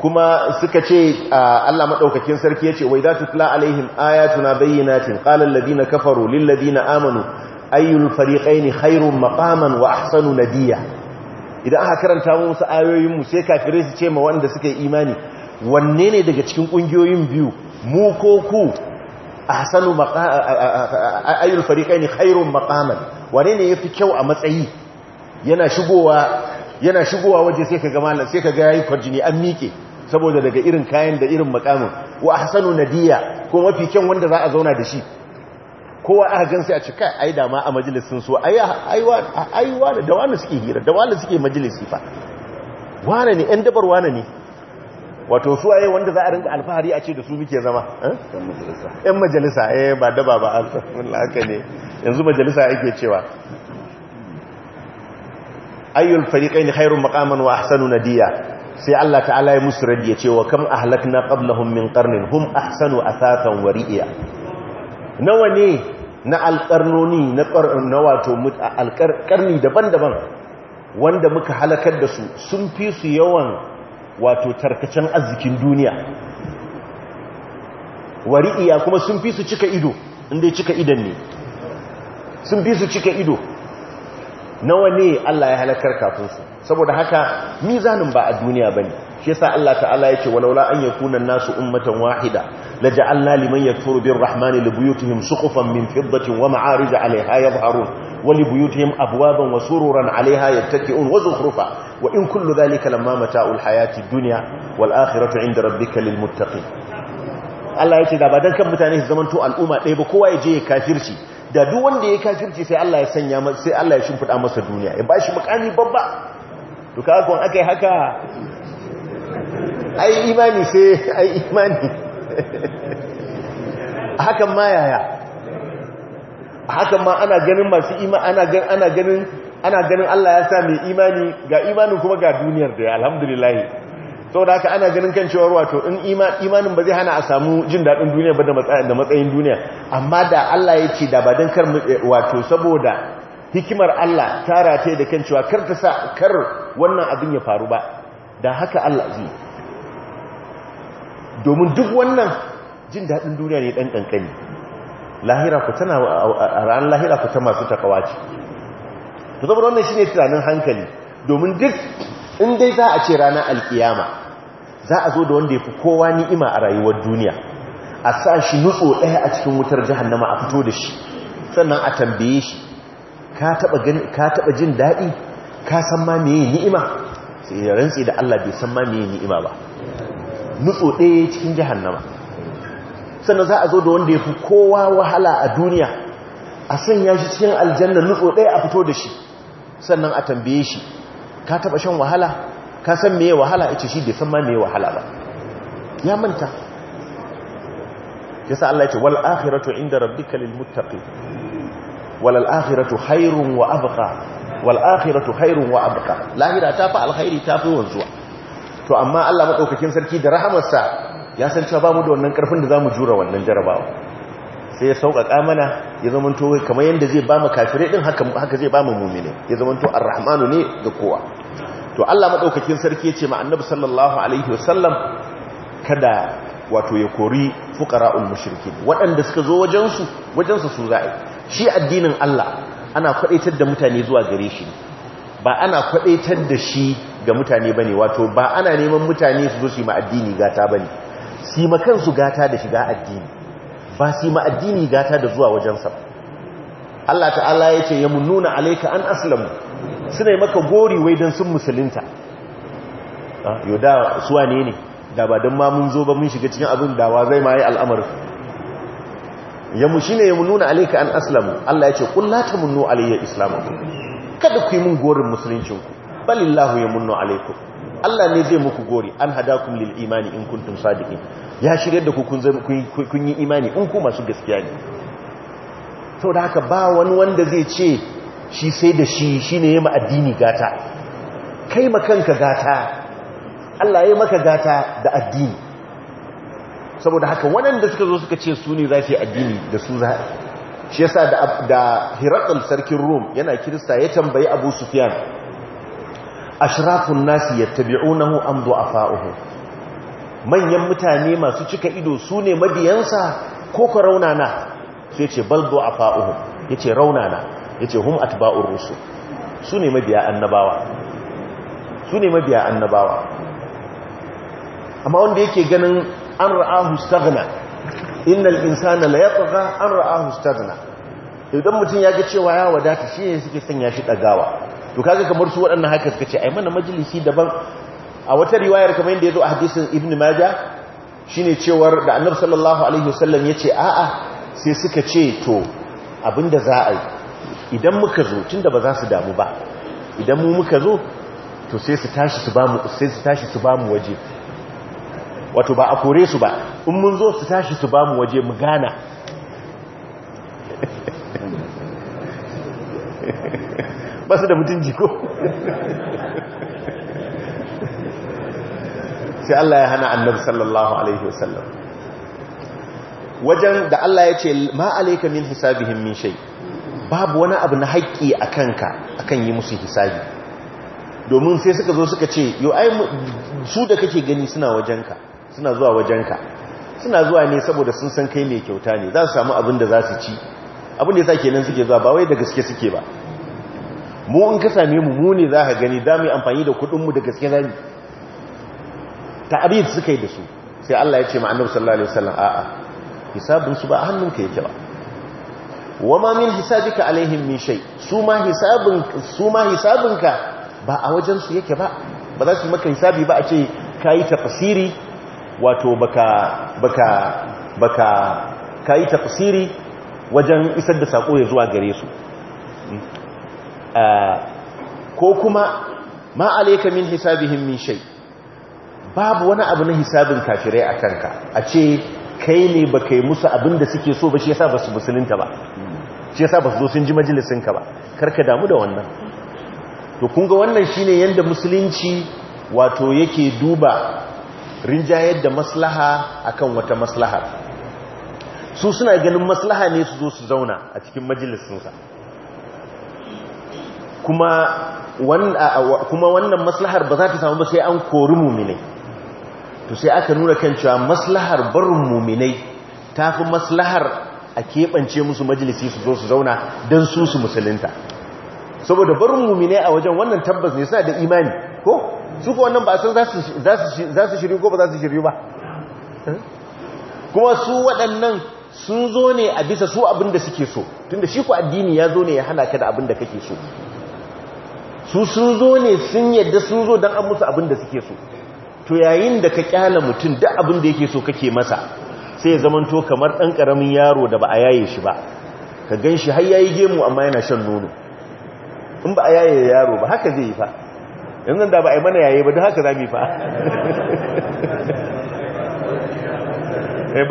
kuma suka ce Allah madaukakin sarki ya yace wa idza tula alaihim ayatuna bayyinatin qala alladhina kafaru lil ladina amanu ayyul fariqain khairum maqaman wa ahsanu nadiya idan aka karanta mu musu ayoyin mu sai kafirai su ce ma wanda suka yi imani wanne ne daga cikin kungiyoyin biyu mu ko ku ahsanu ayyul fariqain khairum maqaman wane ne yafi kyau a matsayi yana shigowa yana shigowa waje sai ka ga mallan sai ka ga yayi kwarjini an mike saboda daga irin kayan da irin makamin wa ahsanu nadiya ko mafi kyan wanda za a zauna da shi kowa aka gansu sai a cika ai dama a majalisin su ai ai wani da wani suke hira da wani suke majalisi fa wane ne ɗan dabar wane ne wato su waye wanda za a rinka alfahari a ce da su muke zama ɗan eh? majalisa eh ba daba ba alhamdulillah, haka ne yanzu majalisa ake cewa ayyul fariqain khairun maqaman wa ahsanu nadiya sai Allah ta'ala ya musu radiya cewa kam ahlakna qablahum min qarnin hum ahsanu athatan wa ri'a nawa ne na alqarnoni na na wato alqarni daban-daban wanda muka halakar da su sun fi su yawan wato tarkacen arzikin duniya wa ri'a kuma sun fi su cika ido inda cika idan ne sun fi su cika ido nawa ne Allah ya halakar kafin su saboda haka mizanin ba a duniya bane shi yasa Allah ta'ala yake walaula an yakuna nasu ummatan wahida laja'alna liman yakfuru birrahmani libuyutihim suqufan min fiddatin wa ma'arij 'alayha yadhharun wa libuyutihim abwaban wa sururan 'alayha yattaki'un wa zukhrufa wa in kullu dhalika lamma mata'ul hayati dunya wal akhiratu 'inda rabbika lil muttaqin Allah yake da ba dan kan mutane su zamanto al'umma ɗaya ba kowa ya je ya kafirci da duk wanda ya kafirci sai Allah ya sanya sai Allah ya shimfida masa duniya ya bashi makami babba to kaga kun akai haka ai imani sai ai imani hakan ma yaya hakan ma ana ganin masu imani ana ganin ana ganin ana ganin Allah ya sa mai imani ga imanin kuma ga duniyar da alhamdulillah saboda haka ana ganin kan cewa wato in imanin ba zai hana a samu jin daɗin duniya ba da matsayin duniya amma da Allah ya ce da ba don kar eh, wato saboda hikimar Allah ta rataye da kan cewa kar ta sa kar wannan abin ya faru ba da haka Allah zai domin duk wannan jin daɗin duniya ne ɗan ƙanƙani lahira ku tana a ranar lahira ku ta masu takawa ce to saboda wannan ne tunanin hankali domin duk in dai za a ce ranar alkiyama za a zo da wanda ya fi kowa ni'ima a rayuwar duniya a sa shi nutso ɗaya a cikin wutar jahannama a fito da shi sannan a tambaye shi ka taɓa jin daɗi ka san ma meye ni'ima sai da rantsi da Allah bai san ma meye ni'ima ba nutso ɗaya cikin jahannama sannan za a zo da wanda ya fi kowa wahala a duniya a ya shi cikin aljanna nutso ɗaya a fito da shi sannan a tambaye shi ka taɓa shan wahala ka san meye wahala ita shi bai san ma meye wahala ba ya manta yasa Allah ya ce wal akhiratu inda rabbika lil muttaqi wal akhiratu khairun wa abqa wal akhiratu khairun wa abqa lahira ta fa alkhairi ta fi wanzuwa to amma Allah madaukakin sarki da rahamarsa ya san cewa bamu da wannan karfin da zamu jura wannan jarabawa sai ya sauƙaƙa mana ya zamanto kamar yadda zai ba mu kafirai din haka haka zai ba mu mu'mini ya zamanto arrahmanu ne ga kowa to Allah madaukakin sarki yace ma annabi sallallahu alaihi wasallam kada wato ya kori fuqara'ul mushrikin waɗanda suka zo wajen su wajen su za'i shi addinin Allah ana kwadaitar da mutane zuwa gare shi ba ana kwadaitar da shi ga mutane bane wato ba ana neman mutane su zo su ma addini gata bane su ma kansu gata da shiga addini ba su ma addini gata da zuwa wajen sa Allah ta'ala yace yamununa alayka an aslamu suna yi maka gori wai don sun musulunta ah, yau da suwa ne ne da ba don ma mun zo ba mun shiga cikin abin da wa zai ma yi al'amarin yammu shi ne yammu nuna alaika an aslamu Allah ya ce kullata munnu alayya islamu. kada ku yi mun gorin musuluncinku balillahu nuna alaiku Allah ne zai muku gori an hada lil imani in kuntum sadiqin ya shirye da ku kun yi imani in ku masu gaskiya ne saboda haka ba wani wanda zai ce shi sai da shi shi ne ya addini gata kai makanka gata Allah ya maka gata da addini saboda haka waɗanda suka zo suka ce su ne za su yi addini da su za shi yasa da hirakul sarkin Rum yana kirista ya tambayi abu sufiyan ashrafun nasi yattabi'unahu am du'afa'uhu manyan mutane masu cika ido su ne mabiyansa ko ka raunana sai ce bal du'afa'uhu yace raunana yace hum atiba'un rusu su ne mabiya annabawa su ne mabiya annabawa amma wanda yake ganin an ra'ahu stagna innal insana la yatgha an ra'ahu Stagna idan mutum ya ga cewa ya wadata shi ne suke sanya shi dagawa to kaga kamar su waɗannan haka suka ce ai mana majalisi daban a wata riwayar kamar yadda yazo a hadisin ibnu maja shine cewar da annabi sallallahu alaihi wasallam yace a'a sai suka ce to abinda za a yi idan muka zo tunda ba za su damu ba idan mu muka zo to sai su tashi su bamu sai su tashi su bamu waje wato ba a kore su ba in mun zo su tashi su bamu waje mu gana ba su da mutunci ko sai Allah ya hana annabi sallallahu alaihi wasallam wajen da Allah ya ce ma alayka min hisabihim min shay' babu wani abu na haƙƙi a kanka a kan yi musu hisabi domin sai suka zo suka ce yau ai su da kake gani suna wajenka suna zuwa wajenka suna zuwa ne saboda sun san kai mai kyauta ne za su samu abin da za su ci abin da ya sa kenan suke zuwa ba wai da gaske suke ba mu in ka same mu mu ne za ka gani za mu yi amfani da kuɗinmu da gaske zani ta'arid suka yi da su sai Allah ya ce ma annabi sallallahu alaihi wasallam a'a ba su ba hannunka yake ba wama min hisabika alaihim min shay su ma hisabin su ma hisabinka ba a wajen su yake ba ba za su maka hisabi ba a ce kai tafsiri wato baka baka baka kai tafsiri wajen isar da sako ya zuwa gare su hmm. ko kuma ma alayka min hisabihim min shay babu wani abu na hisabin kafirai a kanka a ce kai ne baka yi musu abinda suke so ba shi yasa ba su musulunta ba shi yasa ba su zo sun ji majalisinka ba ka damu da wannan to kun ga wannan shine yanda musulunci wato yake duba rinjayar da maslaha akan wata maslaha su suna ganin maslaha ne su zo su zauna a cikin majalisinsa kuma wannan maslahar ba za ta samu ba sai an kori muminai to sai aka nuna kan cewa maslahar barin muminai ta fi maslahar a keɓance musu majalisi su zo su zauna don su su musulunta saboda barin mumine a wajen wannan tabbas ne suna da imani ko su ko wannan ba san za su shiri ko ba za su shiri ba kuma su waɗannan sun zo ne a bisa su abin da suke so tunda shi ku addini ya zo ne ya hana ka da abin da kake so su sun zo ne sun yadda sun zo don an musu abin da suke so to yayin da ka kyala mutum duk abin da yake so kake masa sai ya zamanto kamar ɗan ƙaramin yaro da ba a yaye shi ba ka gan shi har yayi gemu amma yana shan nono in ba a yaye yaro ba haka zai yi fa yanzu da ba a yi mana yaye ba don haka za mu yi fa eh,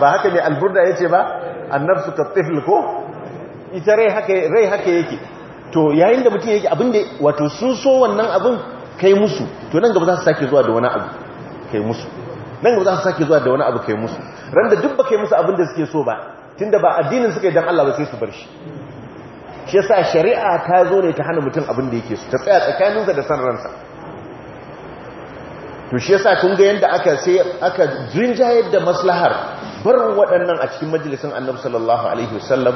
ba haka ne alburda ya ce ba annabsu ka tifl ko ita rai haka yake to yayin da mutum yake abin da wato sun so wannan abin kai musu to nan gaba za su sake zuwa da wani abu kai musu nan ba za su sake zuwa da wani abu kai musu randa duk ba kai musu abin da suke so ba tunda ba addinin suka yi don Allah ba sai su bar shi shi yasa shari'a ta zo ne ta hana mutum abin da yake so ta tsaya tsakaninsa da san ransa to shi yasa kun ga yadda aka sai aka jinjayar da maslahar bar waɗannan a cikin majalisin Annabi sallallahu alaihi wasallam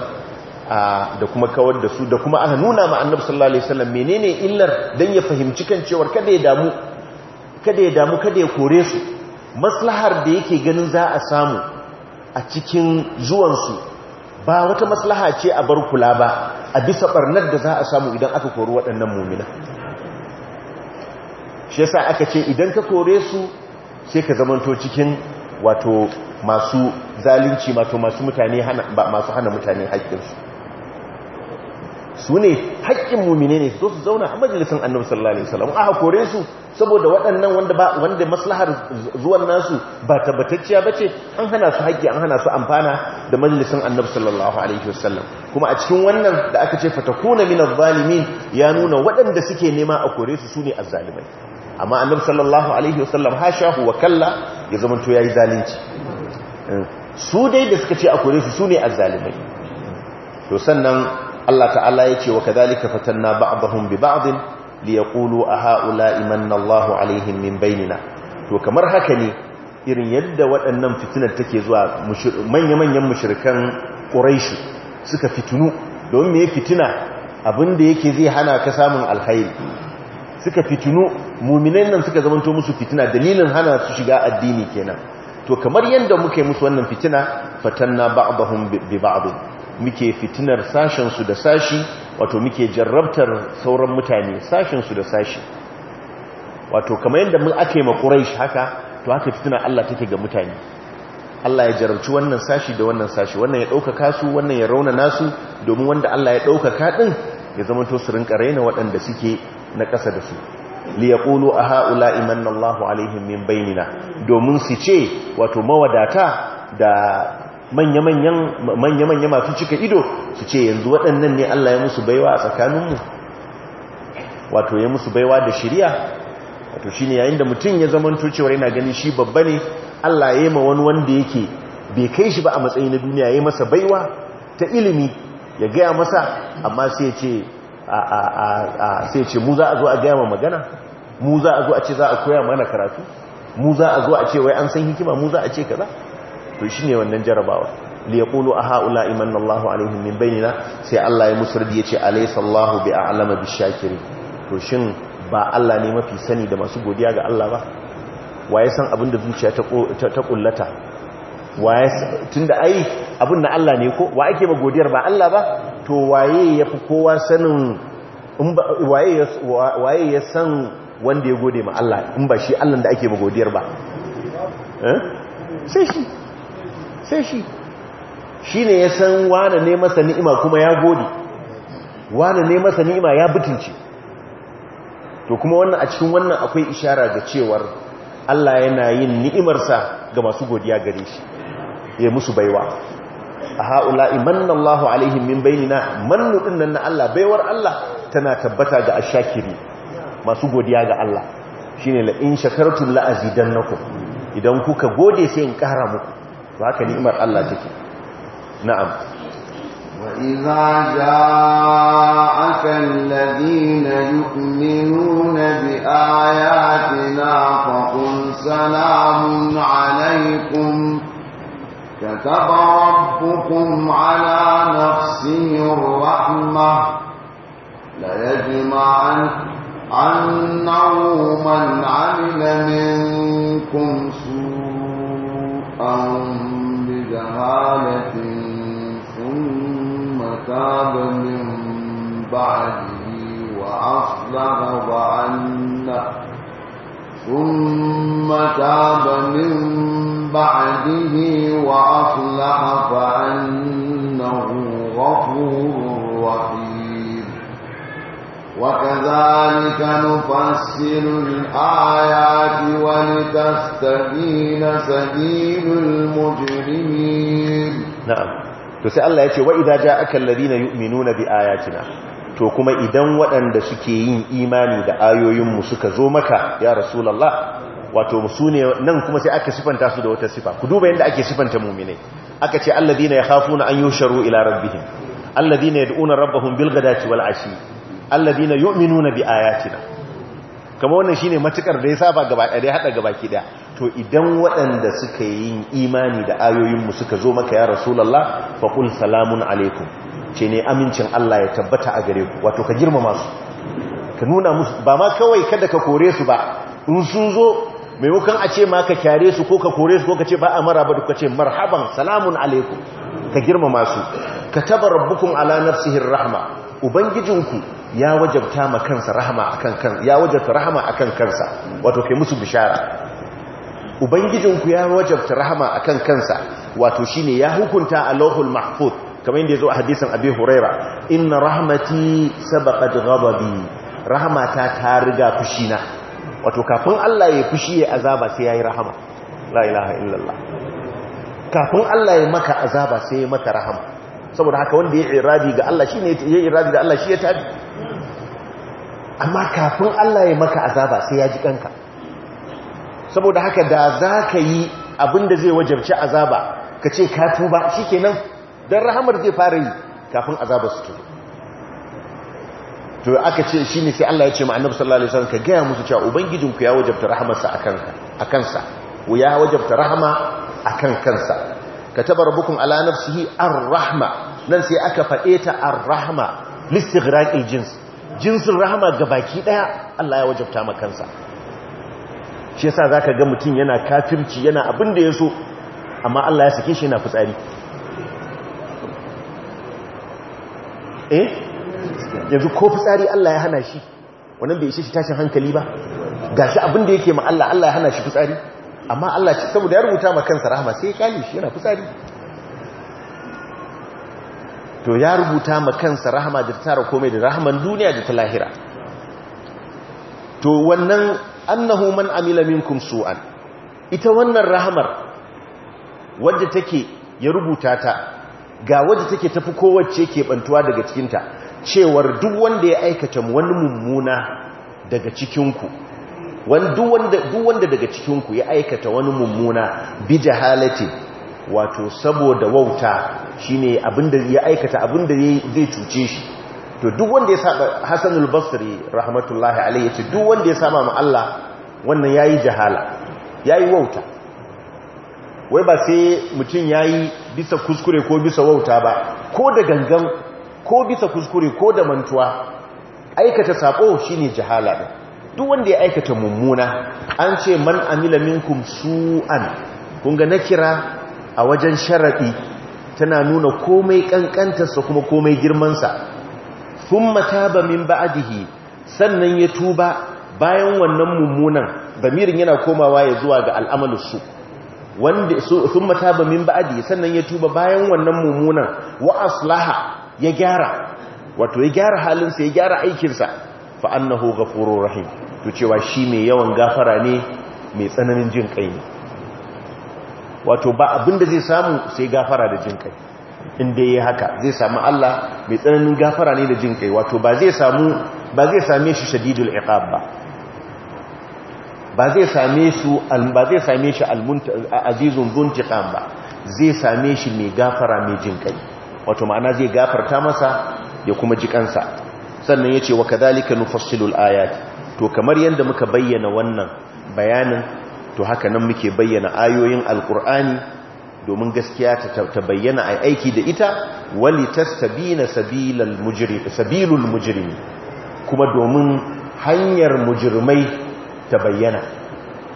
da kuma kawar da su da kuma aka nuna ma Annabi sallallahu alaihi wasallam menene illar dan ya fahimci kan cewar kada kada ya damu kada ya kore su maslahar da yake ganin za a samu a cikin zuwansu ba wata maslaha ce a bar kula ba a bisa barnar da za a samu idan aka kori waɗannan mumina shi yasa aka ce idan ka kore su sai ka zamanto cikin wato masu zalunci masu mutane hana masu hana mutane haƙƙinsu su ne haƙƙin mummine ne su su zauna a majalisun annabi sallallahu alaihi wasallam aka kore su saboda waɗannan wanda maslahar zuwan nasu ba tabbatacciya ce an hana su haƙƙi an hana su amfana da majalisun annabi sallallahu alaihi wasallam kuma a cikin wannan da aka ce fatakuna min zalimin ya nuna waɗanda suke nema a kore su sune azzalimai amma annabi sallallahu alaihi wasallam hashahu wa kalla ya zamanto yayi zalunci eh, su dai da suka ce a kore su sune azzalimai to sannan Allah ta'ala ya ce wa kadhalika fatanna ba'dahum bi ba'd li yaqulu a ha'ula imanna Allahu alaihim min bainina to kamar haka ne irin yadda waɗannan fitinar take zuwa manya-manyan mushrikan quraish suka fitinu don me fitina abinda yake zai hana ka samun alkhair suka fitinu muminan nan suka zamanto musu fitina dalilin hana su shiga addini kenan to kamar yadda muka yi musu wannan fitina fatanna ba'dahum bi ba'd muke fitinar sashensu da sashi wato muke jarrabtar sauran mutane sashensu da sashi wato kamar yadda mun ake makuraish haka to haka fitina Allah take ga mutane Allah ya jarabci wannan sashi da wannan sashi wannan ya ɗaukaka su wannan ya rauna nasu domin wanda Allah ya ɗaukaka ɗin ya zama to su rinka raina waɗanda suke na ƙasa da su yaqulu a ha'ula imanna Allahu alaihim min bainina domin su ce wato mawadata da manya-manya masu cika ido su ce yanzu waɗannan ne Allah ya musu baiwa a tsakaninmu wato ya musu baiwa da shirya wato shi ne yayin da mutum ya zama cewar yana gani shi babba ne Allah ya yi ma wani wanda yake bai kai shi ba a matsayi na duniya ya yi masa baiwa ta ilimi ya gaya masa amma sai ce mu za a zo a gaya ma magana mu za a zo a ce za a koya mana karatu mu za a zo a ce wai an san hikima mu za a ce kaza to ne wannan jarabawa li kulu a haula imanna Allahu alaihi min nina sai Allah ya ce yace alaysa Allahu bi a'lama shakiri to shi ba Allah ne mafi sani da masu godiya ga Allah ba waye san abin da zuciya ta kullata waye da ai abin na Allah ne ko wa ake ba godiyar ba Allah ba to waye fi kowa sanin waye ya san wanda ya gode ma Allah in ba shi Allah da ake ba godiyar ba eh? sai shi sai shi shi ne ya san wane ne masa ni'ima kuma ya gode wane ne masa ni'ima ya butunce to kuma wannan a cikin wannan akwai ishara ga cewar Allah yana yin ni'imarsa ga masu godiya gare shi ya musu baiwa a ha'ula imanin Allah alaihim min bainina mannu nan na Allah baiwar Allah tana tabbata ga ashakiri masu godiya ga Allah shine la in shakartum la azidannakum idan kuka gode sai in kara muku to haka على Allah نعم وإذا جاءك الذين يؤمنون بآياتنا فقل سلام عليكم كتب ربكم على نفسه الرحمة ليجمعن أنه من عمل منكم سوءا حالة ثم تاب من بعده وأصلح وعنه ثم تاب من بعده وأصلح فأنه غفور رحيم وكذلك نفسر الآيات ولتستبين سبيل المجرمين نعم to sai Allah ya ce wa idza ja'aka alladhina yu'minuna bi cina, to kuma idan waɗanda suke yin imani da ayoyinmu suka zo maka ya rasulullah wato su ne nan kuma sai aka sifanta su da wata sifa ku duba yadda ake sifanta mu'minai aka ce alladhina yakhafuna an yusharu ila rabbihim alladhina yad'una rabbahum bil ghadati wal ashi alladina yu'minuna bi ayatina kamar wannan shine matukar da ya saba gaba ɗaya ya hada gaba ki to idan waɗanda suka yi imani da ayoyinmu suka zo maka ya rasulullah fa qul salamun alaikum ce ne amincin Allah ya tabbata a gare ku wato ka girmama su ka nuna musu ba ma kawai kada ka kore su ba in sun zo maimakon a ce ma ka kyare su ko ka kore su ko ka ce ba a ba duk ka ce marhaban salamun alaikum ka girmama su Ka kataba rabbukum ala nafsihi rahma ubangijinku ya wajabta ma kansa Rahama akan kan ya wajabta Rahama akan kansa wato kai musu bishara ubangijinku ya wajabta Rahama akan kansa wato shine ya hukunta a lawhul mahfuz kamar yadda yazo a hadisin abi huraira inna rahmati sabaqat ghadabi rahmata ta riga na? wato kafin Allah ya fushi ya azaba sai yayi rahama la ilaha illallah kafin Allah ya maka azaba sai ya mata rahama saboda haka wanda ya iradi ga Allah shi ne ya iradi ga Allah shi ya tabi amma kafin Allah ya maka azaba sai ya ji kanka saboda haka da za ka yi abinda zai wajabci azaba ka ce ka tuba shi nan, don rahamar zai fara yi kafin azaba su ke to aka ce shi ne sai Allah ya ce ma annabi sallallahu alaihi wasallam ka gaya musu cewa ubangijinku ya wajabta rahamarsa akan kansa ya wajabta rahama akan kansa kataba rabbukum ala nafsihi an rahma nan sai aka faɗe ta an rahma listighraqil jins jinsin rahma ga baki daya Allah ya wajabta ma kansa shi yasa zaka ga mutum yana kafirci yana abin da yaso amma Allah ya sake shi yana fitsari eh yanzu ko fitsari Allah ya hana shi wannan bai ishe shi tashin hankali ba gashi abin da yake ma Allah Allah ya hana shi fitsari amma Allah ce saboda ya rubuta ma kansa rahama sai ya kyali shi yana fitsari to ya rubuta ma kansa rahama da ta tara komai da rahaman duniya da ta lahira to wannan annahu man amila minkum su'an ita wannan rahamar wadda take ya rubuta ta ga wadda take tafi kowacce ke bantuwa daga cikinta cewar duk wanda ya aikata mu wani mummuna daga cikinku duk wanda daga cikinku ya aikata wani mummuna bi jahalati wato saboda wauta shine abinda ya aikata abinda zai cuce shi to duk wanda ya saba al Basri rahmatullahi alayhi ce duk wanda ya saba ma Allah wannan yayi jahala yayi wauta wai ba sai mutum yayi bisa kuskure ko bisa wauta ba ko da gangan ko bisa kuskure ko da mantuwa aikata sabo shine jahala din duk wanda ya aikata mummuna an ce man amila minkum su'an kun ga nakira a wajen sharadi tana nuna komai ƙanƙantarsa kuma komai girman sa, thumma taba min ba'dihi sannan ya tuba bayan wannan mummunan bamirin yana komawa ya zuwa ga al'amalu su wanda thumma taba min ba'dihi sannan ya tuba bayan wannan mummunan wa aslaha ya gyara wato ya gyara halinsa ya gyara aikinsa fa annahu ghafurur rahim to cewa shi mai yawan gafara ne mai tsananin jin kai ne wato ba abinda zai samu sai gafara da jin kai inda ya haka zai samu Allah mai tsananin gafara ne da jin kai wato ba zai samu ba zai same shi shadidul iqab ba ba zai same su ba zai same shi azizun zuntiqam ba zai same shi mai gafara mai jin kai wato ma'ana zai gafarta masa ya kuma jikansa sannan yace wa kadhalika nufassilul ayati to kamar yadda muka bayyana wannan bayanin to haka nan muke bayyana ayoyin alkur'ani domin gaskiya ta bayyana a aiki da ita wali tastabina sabilal sabilul kuma domin hanyar mujrimai ta bayyana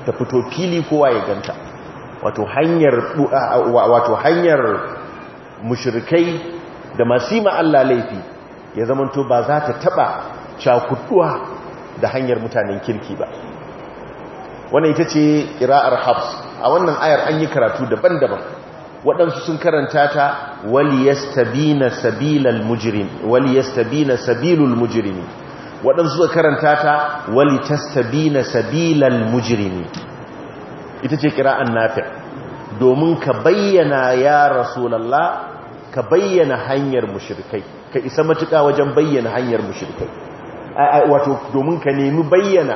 ta fito fili kowa ya ganta wato hanyar wato hanyar mushrikai da masu yi Allah laifi ya zamanto ba za ta taba cakuduwa da hanyar mutanen kirki ba wannan ita ce ƙira'ar habs a wannan ayar an yi karatu daban-daban waɗansu sun karanta ta waliyastabina sabilal sabilul mujirimi waɗansu suka karanta ta walitastabina sabilal mujirimi ita ce ƙira'an nafi' domin ka bayyana ya rasulallah ka bayyana hanyar mushrikai ka isa matuƙa wajen bayyana hanyar mushirikai. wato domin ka nemi bayyana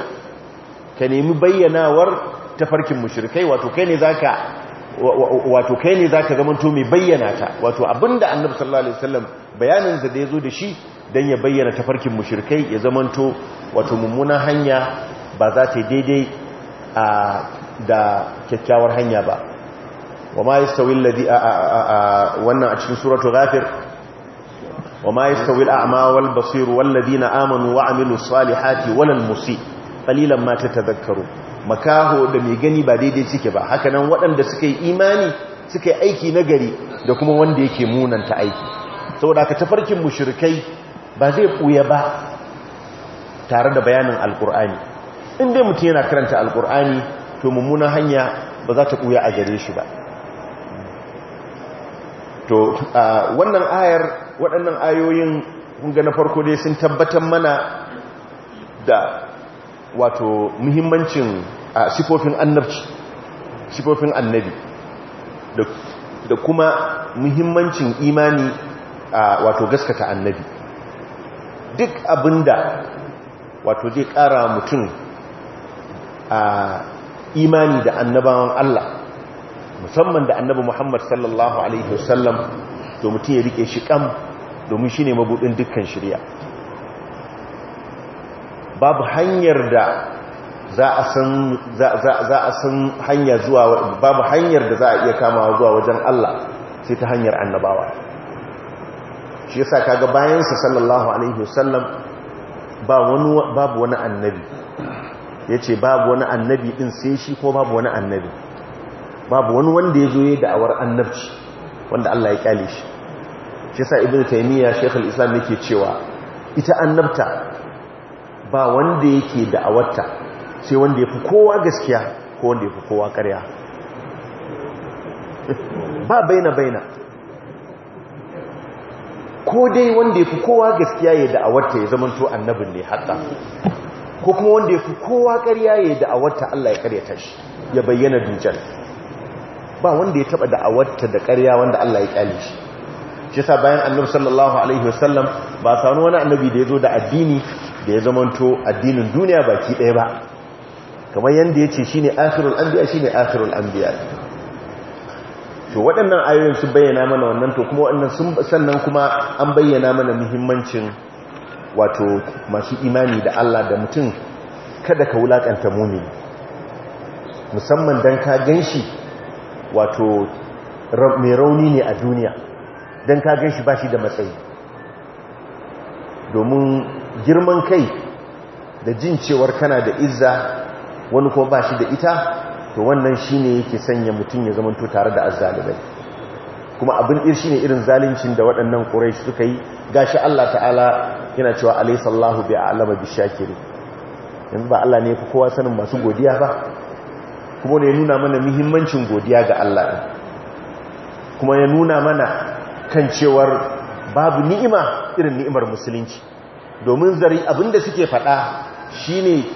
ka nemi bayyanawar tafarkin mushrikai wato kai ne zaka wato kai ne zaka zamanto mai bayyana ta wato abinda annabi sallallahu alaihi wasallam bayanin da ya zo da shi dan ya bayyana tafarkin mushrikai ya zamanto wato mummunan hanya ba za ta daidai a da kyakkyawar hanya ba wa ma yastawi alladhi wannan a cikin suratu ghafir وما يستوي الأعمى والبصير amanu wa وعملوا salihati ولا المسيء mata ما تتذكروا makaho da mai gani ba daidai cike ba hakanan waɗanda suka yi imani suka yi aiki nagari da kuma wanda yake munanta aiki saboda ka tafarkin mushrikai ba zai ɓuya ba tare da bayanin alkur'ani inda mutum yana karanta alkur'ani to mummunan hanya ba za ta buya a gare shi ba to wannan ayar waɗannan ayoyin kunga na farko dai sun tabbatar mana da wato muhimmancin a sifofin annabci sifofin annabi da kuma muhimmancin imani a wato gaskata annabi duk abinda wato zai kara mutum a imani da annabawan Allah musamman da annabi Muhammad sallallahu alaihi wasallam to mutum ya rike shi kam domin shi ne mabudin dukkan shirya babu hanyar da za a san hanya zuwa babu hanyar da za a iya kamawa zuwa wajen Allah sai ta hanyar annabawa shi yasa kaga bayansa sallallahu alaihi wasallam babu wani annabi ya ce babu wani annabi ɗin sai shi ko babu wani annabi babu wani wanda ya zo ya da'awar annabci wanda Allah ya kyale shi shi sa ibn taymiya shekul islam yake cewa ita annabta ba wanda yake da'awarta sai wanda ya fi kowa gaskiya ko wanda ya fi kowa karya ba baina baina ko dai wanda ya fi kowa gaskiya ya da'awarta ya zama to annabin ne hatta ko kuma wanda ya fi kowa karya ya da'awarta Allah ya karyata shi ya bayyana dujal ba wanda ya taba da'awarta da karya wanda Allah ya kyale shi shi sa bayan annabi sallallahu alaihi wasallam ba samu wani annabi da ya zo da addini da ya zamanto addinin duniya baki ɗaya ba kamar yadda ya ce shi ne akhirul anbiya shi ne akhirul anbiya to waɗannan ayoyin sun bayyana mana wannan to kuma waɗannan sun sannan kuma an bayyana mana muhimmancin wato masu imani da Allah da mutum kada ka wulakanta mumini musamman dan ka ganshi wato mai rauni ne a duniya don ka gan shi ba shi da matsayi domin girman kai da jin cewar kana da izza wani kuma ba shi da ita to wannan shi ne yake sanya mutum ya zamanto tare da azzalibai kuma abin ir shi ne irin zalincin da waɗannan ƙurai suka yi gashi Allah ta'ala yana cewa alaisallahu bai alama bishakiri yanzu ba Allah ne ya fi kowa sanin masu godiya ba kuma ne ya nuna mana muhimmancin godiya ga Allah kuma ya nuna mana kan cewar babu ni'ima irin ni'imar musulunci domin zari abinda suke faɗa shine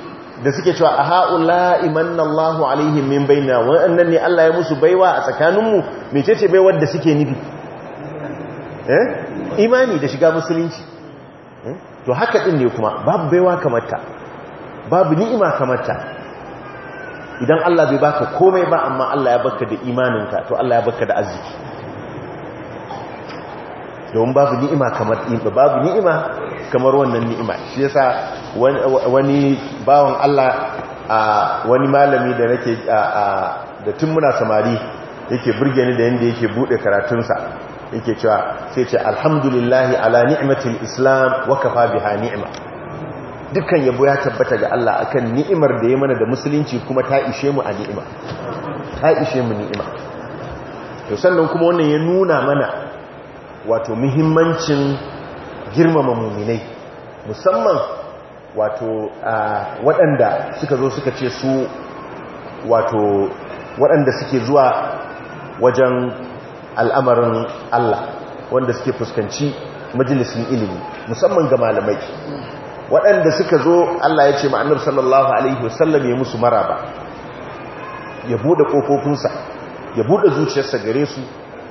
da suke cewa a ha'ula imanna Allahu alaihim min baina wa'annan ne Allah ya musu baiwa a tsakaninmu mecece baiwar da suke nufi eh? imani da shiga musulunci eh? to haka ɗin ne kuma babu baiwa kamata babu ni'ima kamata idan Allah bai baka komai ba amma Allah ya baka da imaninka to Allah ya baka da arziki domin babu ni'ima kamar babu ni'ima kamar wannan ni'ima shi yasa wani bawan Allah a wani malami da nake da tun muna samari yake burge ni da yadda yake bude karatunsa yake cewa sai ce alhamdulillahi ala ni'matil islam wa kafa biha ni'ima dukkan yabo ya tabbata ga Allah akan ni'imar da ya mana da musulunci kuma ta ishe mu a ni'ima ta ishe mu ni'ima to sannan kuma wannan ya nuna mana wato muhimmancin girmama muminai musamman wato waɗanda suka zo suka ce su wato waɗanda suke zuwa wajen al'amarin Allah wanda suke fuskanci majalisun ilimi musamman ga malamai waɗanda suka zo Allah ya ce ma'anar sallallahu Alaihi wasallam ya musu maraba ya buɗe ƙofofinsa ya buɗe zuciyarsa gare su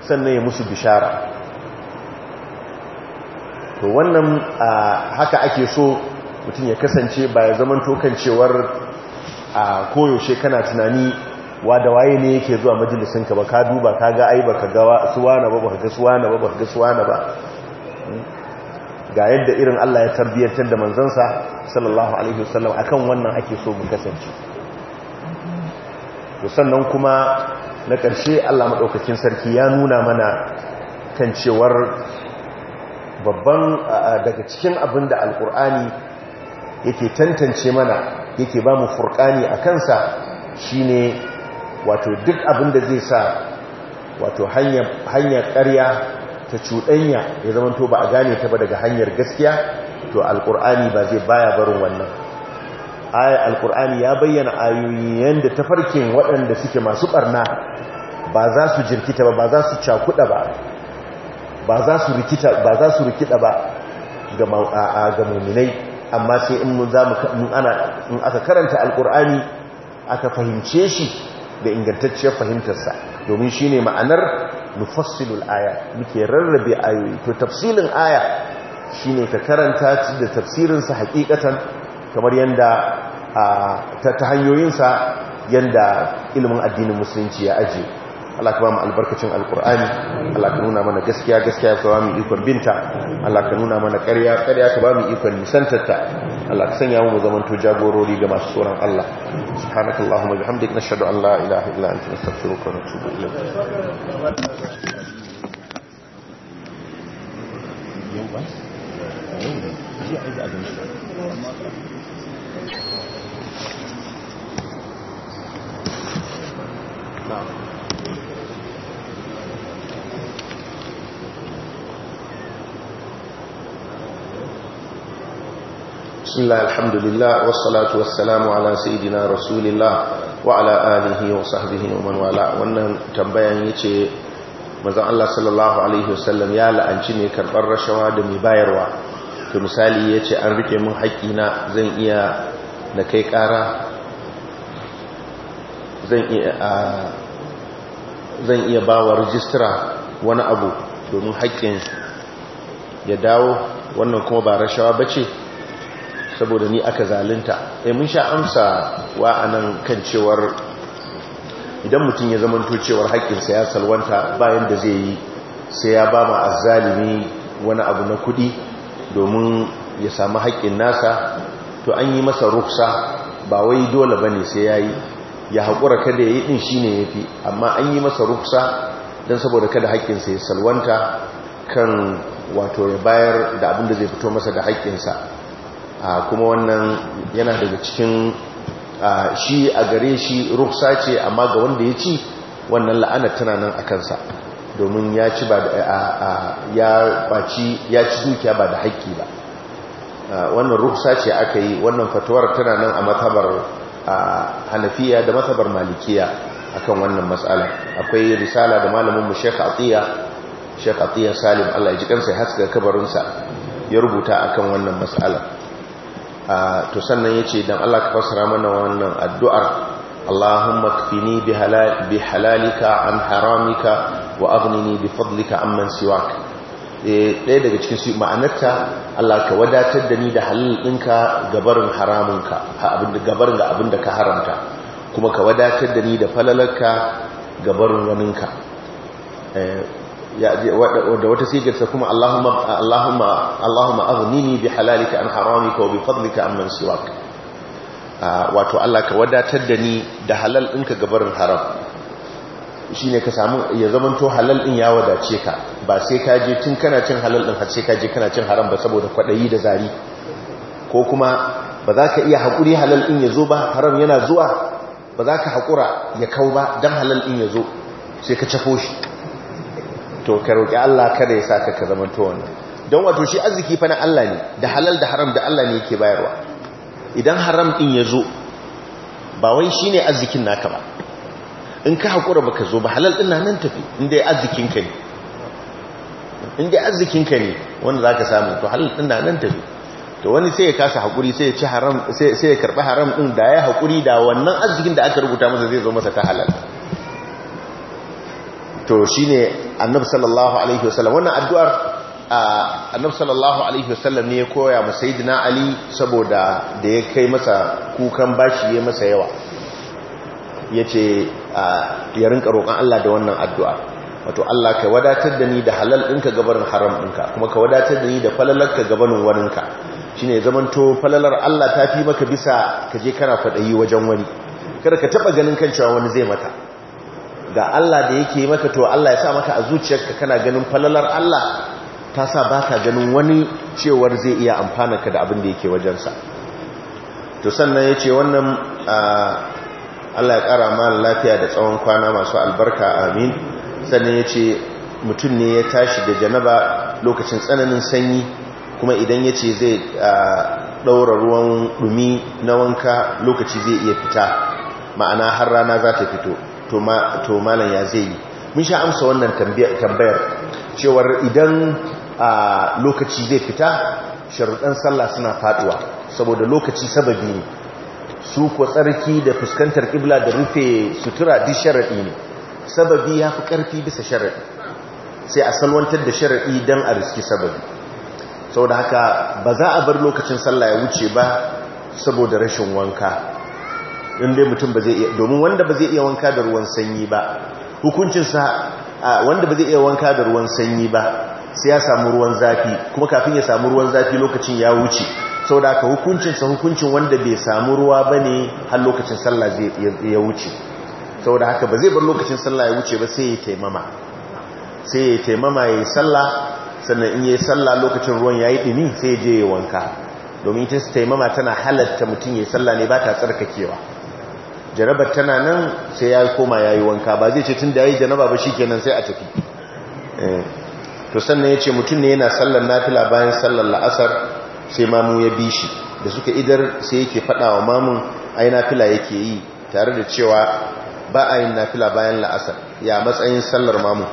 sannan ya musu bishara to wannan haka ake so mutum ya kasance ba ya zaman tokancewar a koyaushe kana tunani wa da waye ne yake zuwa majalisinka ba ka duba ka ga ai ba ka ga suwana ba ba ka ga suwana ba ba ka ga suwana ba hmm? ga yadda irin Allah ya tarbiyyantar da manzansa sallallahu alaihi wasallam akan wannan ake so mu kasance to sannan kuma na ƙarshe Allah madaukakin sarki ya nuna mana kan cewar babban daga cikin abin da alkur'ani yake tantance mana yake ba mu furkani a kansa shine wato duk abin da zai sa wato hanyar karya ta cuɗanya ya zamanto ba a gane ta ba daga hanyar gaskiya to Alƙur'ani ba zai baya barin wannan ayar Alƙur'ani ya bayyana ayoyi yadda tafarkin waɗanda suke masu ɓarna ba za su jirkita ba ba za su cakuɗa ba ba za su rikita ba za su rikida ba ga ga mu'minai amma sai in mun zamu ana in aka karanta alqur'ani aka fahimce shi da ingantacciyar fahimtarsa domin shine ma'anar nufassilul aya muke rarrabe ayoyi to tafsilin aya shine ka karanta da tafsirinsa sa hakikatan kamar yanda ta hanyoyinsa yadda ilimin addinin musulunci ya ajiye. Allah ka ba mu albarkacin alkur'ani Allah ka nuna mana gaskiya gaskiya ka ba mu ikon binta Allah ka nuna mana ƙarya ƙarya ka ba mu ikon nisantarta Allah ka sanya mu to jagorori ga masu tsoron Allah wa bihamdika nashhadu an la ilaha illa anta nastaghfiruka wa natubu ilayk you. بسم الله الحمد لله والصلاة والسلام على سيدنا رسول الله وعلى آله وصحبه ومن والاه wannan tambayan yace manzon Allah sallallahu alaihi wasallam ya la'anci ne karbar rashawa da mai bayarwa to misali yace an rike min na zan iya na kai ƙara zan iya zan iya bawa rijistra wani abu domin haƙƙin ya dawo wannan kuma ba rashawa bace saboda ni aka zalunta eh mun sha amsa wa anan kan cewar idan mutum ya zamanto cewar haƙƙinsa ya salwanta bayan da zai yi sai ya ba ma azzalimi wani abu na kuɗi domin ya samu haƙƙin nasa to an yi masa ruksa ba wai dole bane sai yayi ya haƙura kada ya yi ɗin shi ne ya amma an yi masa ruksa dan saboda kada haƙƙinsa ya salwanta kan wato ya bayar da abin da zai fito masa da haƙƙinsa kuma wannan yana daga cikin shi a gare shi ruksa ce amma ga wanda ya ci wannan la'ana tana nan a kansa domin ya ci ya ci dukiya ba da haƙƙi ba wannan ruksa ce aka yi wannan fatuwar tana nan a matabar hanafiya da matabar malikiya akan wannan matsala akwai risala da malamin mu Sheikh Atiya shek Atiya Salim Allah ya ji kansa ya haska kabarinsa ya rubuta akan wannan matsala to sannan yace dan Allah ka fassara mana wannan addu'ar Allahumma kfini bi halalika an haramika wa aghnini bi fadlika amman siwak eh, ɗaya daga cikin su ma'anarta Allah ka wadatar da ni da halal dinka gabarin haramunka gabarin ga abinda ka haramta kuma ka wadatar da ni da falalarka gabarin waninka eh, da wata sigarsa kuma Allahumma Allahumma bi halalika an haramika wa bi fadlika amman siwak ah, wato Allah ka wadatar da ni da halal ka gabarin haram shine ka samu ya zamanto halal ɗin ya wadace ka ba sai ka je tun kana cin halal in har sai ka je kana cin haram ba saboda kwaɗayi da zari ko kuma ba za ka iya haƙuri halal in ya zo ba haram yana zuwa ba za ka haƙura ya kau ba dan halal ɗin ya zo sai ka cafo shi to ka roƙi Allah kada ya saka ka zama to wannan don wato shi arziki fa na Allah ne da halal da haram da Allah ne yake bayarwa idan haram din ya zo ba wai shine arzikin naka ba in ka hakura baka zo ba halal din nan tafi inda ya arzikin ka ne inda arzikin ka ne wanda zaka samu to halal din nan tafi to wani sai ya kasa hakuri sai ya ci haram sai ya karba haram din da ya hakuri da wannan arzikin da aka rubuta masa zai zo masa ta halal to shine annabi sallallahu alaihi wasallam wannan addu'ar annabi sallallahu alaihi wasallam ne ya koya ma sayyidina ali saboda da ya kai masa kukan bashi ya masa yawa yace ya rinka roƙon Allah da wannan addu'a wato Allah ka wadatar da ni da halal ɗinka gabanin haram ɗinka kuma ka wadatar da ni da falalar falalarka gabanin waninka shine zamanto falalar Allah ta fi maka bisa ka je kana faɗayi wajen wani kada ka taɓa ganin kan cewa wani zai mata ga Allah da yake maka to Allah ya sa maka a zuciyarka kana ganin falalar Allah ta sa baka ganin wani cewar zai iya amfana ka da abin da yake wajensa to sannan ya ce wannan Allah ya ƙara mana lafiya da tsawon kwana masu albarka amin sannan ya ce mutum ne ya tashi da janaba lokacin tsananin sanyi kuma idan ya ce zai ɗaura ruwan ɗumi na wanka lokaci zai iya fita ma'ana har rana za ta fito to malam ya zai yi mun sha amsa wannan tambayar cewar idan a lokaci zai fita sharuɗan sallah suna faɗuwa saboda lokaci sababi ne su kuwa tsarki da fuskantar ƙibla da rufe sutura duk sharaɗi ne sababi ya fi ƙarfi bisa sharaɗi sai a salwantar da sharaɗi don a riski sababi saboda haka ba za a bar lokacin sallah ya wuce ba saboda rashin wanka in dai mutum ba zai iya domin wanda ba zai iya wanka da ruwan sanyi ba hukuncinsa wanda ba zai iya wanka da ruwan sanyi ba sai ya samu ruwan zafi kuma kafin ya samu ruwan zafi lokacin ya wuce sau da aka hukuncinsa hukuncin wanda bai samu ruwa ba ne har lokacin sallah ya wuce sau da haka ba zai bar lokacin sallah ya wuce ba sai ya taimama sai ya taimama ya yi sallah sannan in ya yi sallah lokacin ruwan ya yi ɗumi sai ya je ya wanka domin ita su taimama tana halatta mutum ya yi sallah ne ba ta tsarkakewa Jarabar tana nan sai ya koma ya yi wanka ba zai ce tun da ya yi janaba ba shi kenan sai a tafi eh, to sannan ya ce mutum ne yana sallar nafila bayan sallar la'asar sai mamu ya bi shi da suka idar sai yake fada wa mamun ai nafila yake yi tare da cewa ba a yin nafila bayan la'asar ya matsayin sallar mamu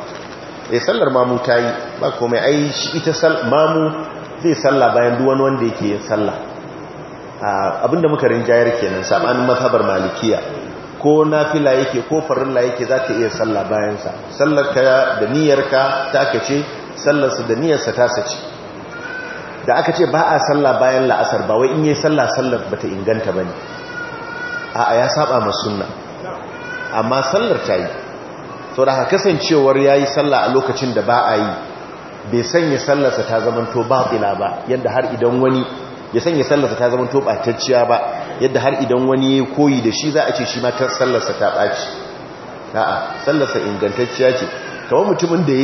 e sallar mamu ta yi ba komai ai shi ita mamu zai salla bayan duwan wanda yake yin sallah abinda muka rinjayar kenan sabanin mazhabar malikiya ko nafila yake ko farilla yake zaka iya sallah bayan sa sallar ka da niyyar ka ta kace sallar sallarsa da niyyar sa ta sace da aka ce ba a sallah bayan la'asar ba wai in yayi sallah sallar bata inganta ba ne. a ya saba ma sunna amma sallar ta yi to da kasancewar yayi sallah a lokacin da ba a yi bai sanya sallarsa ta zamanto batila ba yadda har idan wani ya sanya sallarsa ta zama tobatacciya ba yadda har idan wani ya koyi da shi za a ce shi ma ta sallarsa ta ɓaci a'a sallarsa ingantacciya ce kawai mutumin da ya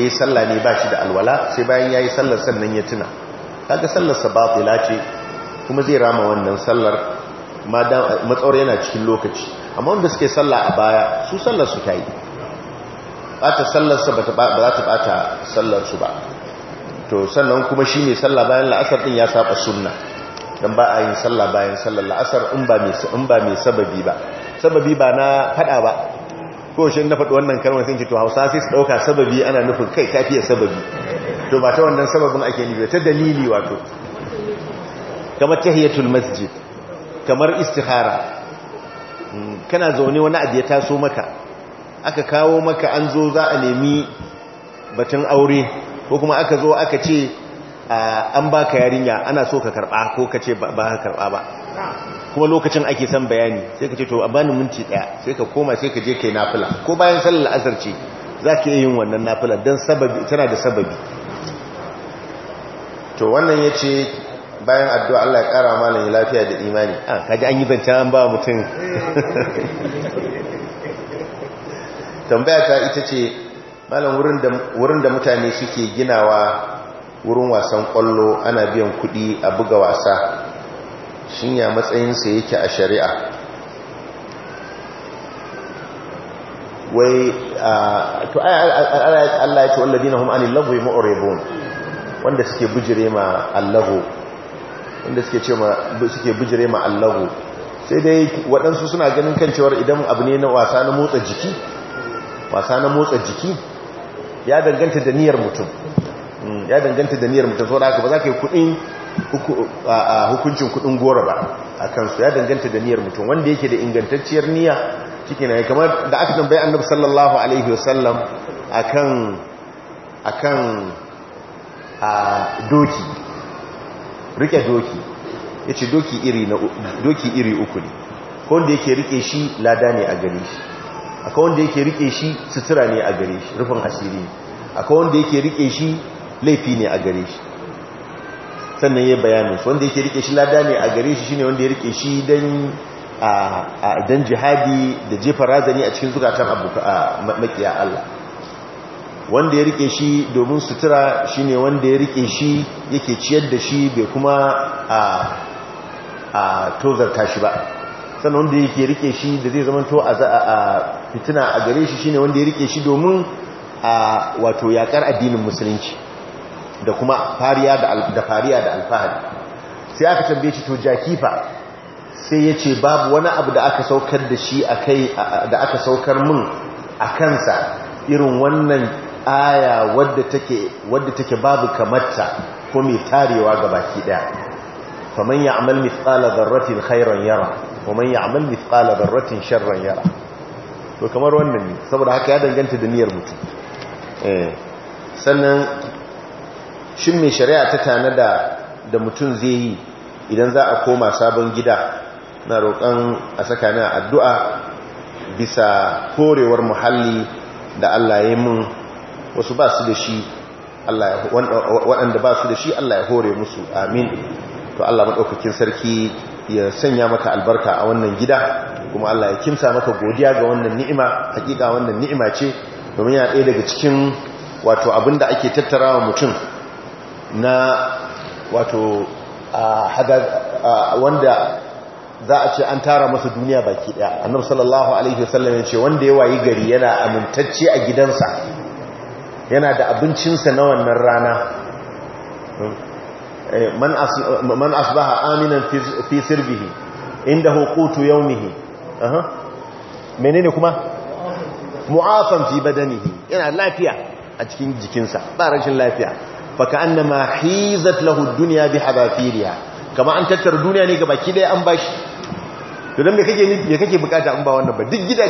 yi salla ne ba shi da alwala sai bayan ya yi sallar sannan ya tuna kaga sallarsa ba batila ce kuma zai rama wannan sallar matsawar yana cikin lokaci amma wanda suke salla a baya su sallarsu ta yi ta sallarsa ba za ta ɓata sallarsu ba to sannan kuma shi ne sallah bayan la'asar din ya saba sunna don ba a yin sallah bayan sallar la'asar in ba mai sababi ba sababi ba na fada ba ko shi na faɗi wannan kalmar sun ce to hausa sai su ɗauka sababi ana nufin kai fiye sababi to ba ta wannan sababin ake nufi ta dalili wato kamar tahiyatul masjid kamar istihara hmm, kana zaune wani abu ya taso maka aka kawo maka an zo za a nemi batun aure ko kuma aka zo aka ce an baka yarinya ana so ka karba ko ka ce ba ka karba ba kuma lokacin ake son bayani sai ka ce to a bani minti daya sai ka koma sai ka je kai nafila ko bayan sallar la'azar ce za ka iya yin wannan nafila don sababi tana da sababi to wannan ya ce bayan addu'a Allah ya kara malin ya lafiya da imani a kaji an yi zance an ba mutum tambaya ta ita ce malam wurin da mutane suke ginawa wurin wasan kwallo ana biyan kudi a buga wasa shin ya matsayinsa yake a shari'a wai to Allah ya ce walladina hum anil lagwi mu'ribun wanda suke bujire ma allahu wanda suke ce ma suke bujire ma allahu sai dai waɗansu suna ganin kan cewar idan abu ne na wasa na motsa jiki wasa na motsa jiki ya danganta da niyyar mutum mm, ya danganta da niyyar mutum saboda haka ba za ka yi kudin hukuncin kudin gora ba a kansu ya danganta da niyyar mutum wanda yake da ingantacciyar niyya cikin ne kamar da aka tambaye annabi sallallahu alaihi wasallam akan akan a doki rike doki yace doki iri na doki iri uku ne ko wanda yake rike shi lada ne a gare shi akwai wanda yake rike shi sutura ne a gare shi rufin asiri akwai wanda yake rike shi laifi ne a gare shi sannan ya bayanin su wanda yake rike shi lada ne a gare shi shine wanda ya rike shi dan a dan jihadi da jefa razani a cikin zukatan abuka makiya Allah wanda ya rike shi domin sutura shine wanda ya rike shi yake ciyar da shi bai kuma a a tozarta shi ba sannan wanda yake rike shi da zai zama to a fitina a gare shi shine wanda ya rike shi domin a wato yakar addinin musulunci da kuma fariya da fariya da alfahari sai aka tambaye shi to jakifa sai ya ce babu wani abu da aka saukar da shi akai da aka saukar mun a kansa irin wannan aya wadda take wadda take babu kamarta ko mai tarewa gabaki daya faman ya'mal mithqala dharratin khairan yara waman ya'mal mithqala dharratin sharran yara to kamar wannan ne saboda haka ya danganta da niyyar mutum eh, sannan shin mai shari'a ta tanada da mutum zai yi idan za a koma sabon gida na roƙon a saka tsakanin addu'a bisa korewar muhalli da Allah ya mun wasu ba su da shi Allah waɗanda ba su da shi Allah ya hore musu amin to Allah maɗaukakin sarki ya sanya maka albarka a wannan gida kuma Allah ya kimsa maka godiya ga wannan ni'ima hakika wannan ni'ima ce domin ya ɗaya daga cikin wato abinda ake tattara wa mutum na wato wanda za a ce an tara masa duniya baki daya annabi sallallahu alaihi wasallam ya ce wanda ya wayi gari yana amintacce a gidansa yana da abincinsa na wannan rana Eh, man أصبح آمنا في سربه inda قوت يومه منين kuma معافا fi بدنه yana lafiya a cikin jikinsa ba لا lafiya فكأنما annama hizat الدنيا بحبافيرها كما أن kama an tattara duniya ne ga baki بكاتا an bashi دي جدا me جدا إيه wa an ba wannan ba gida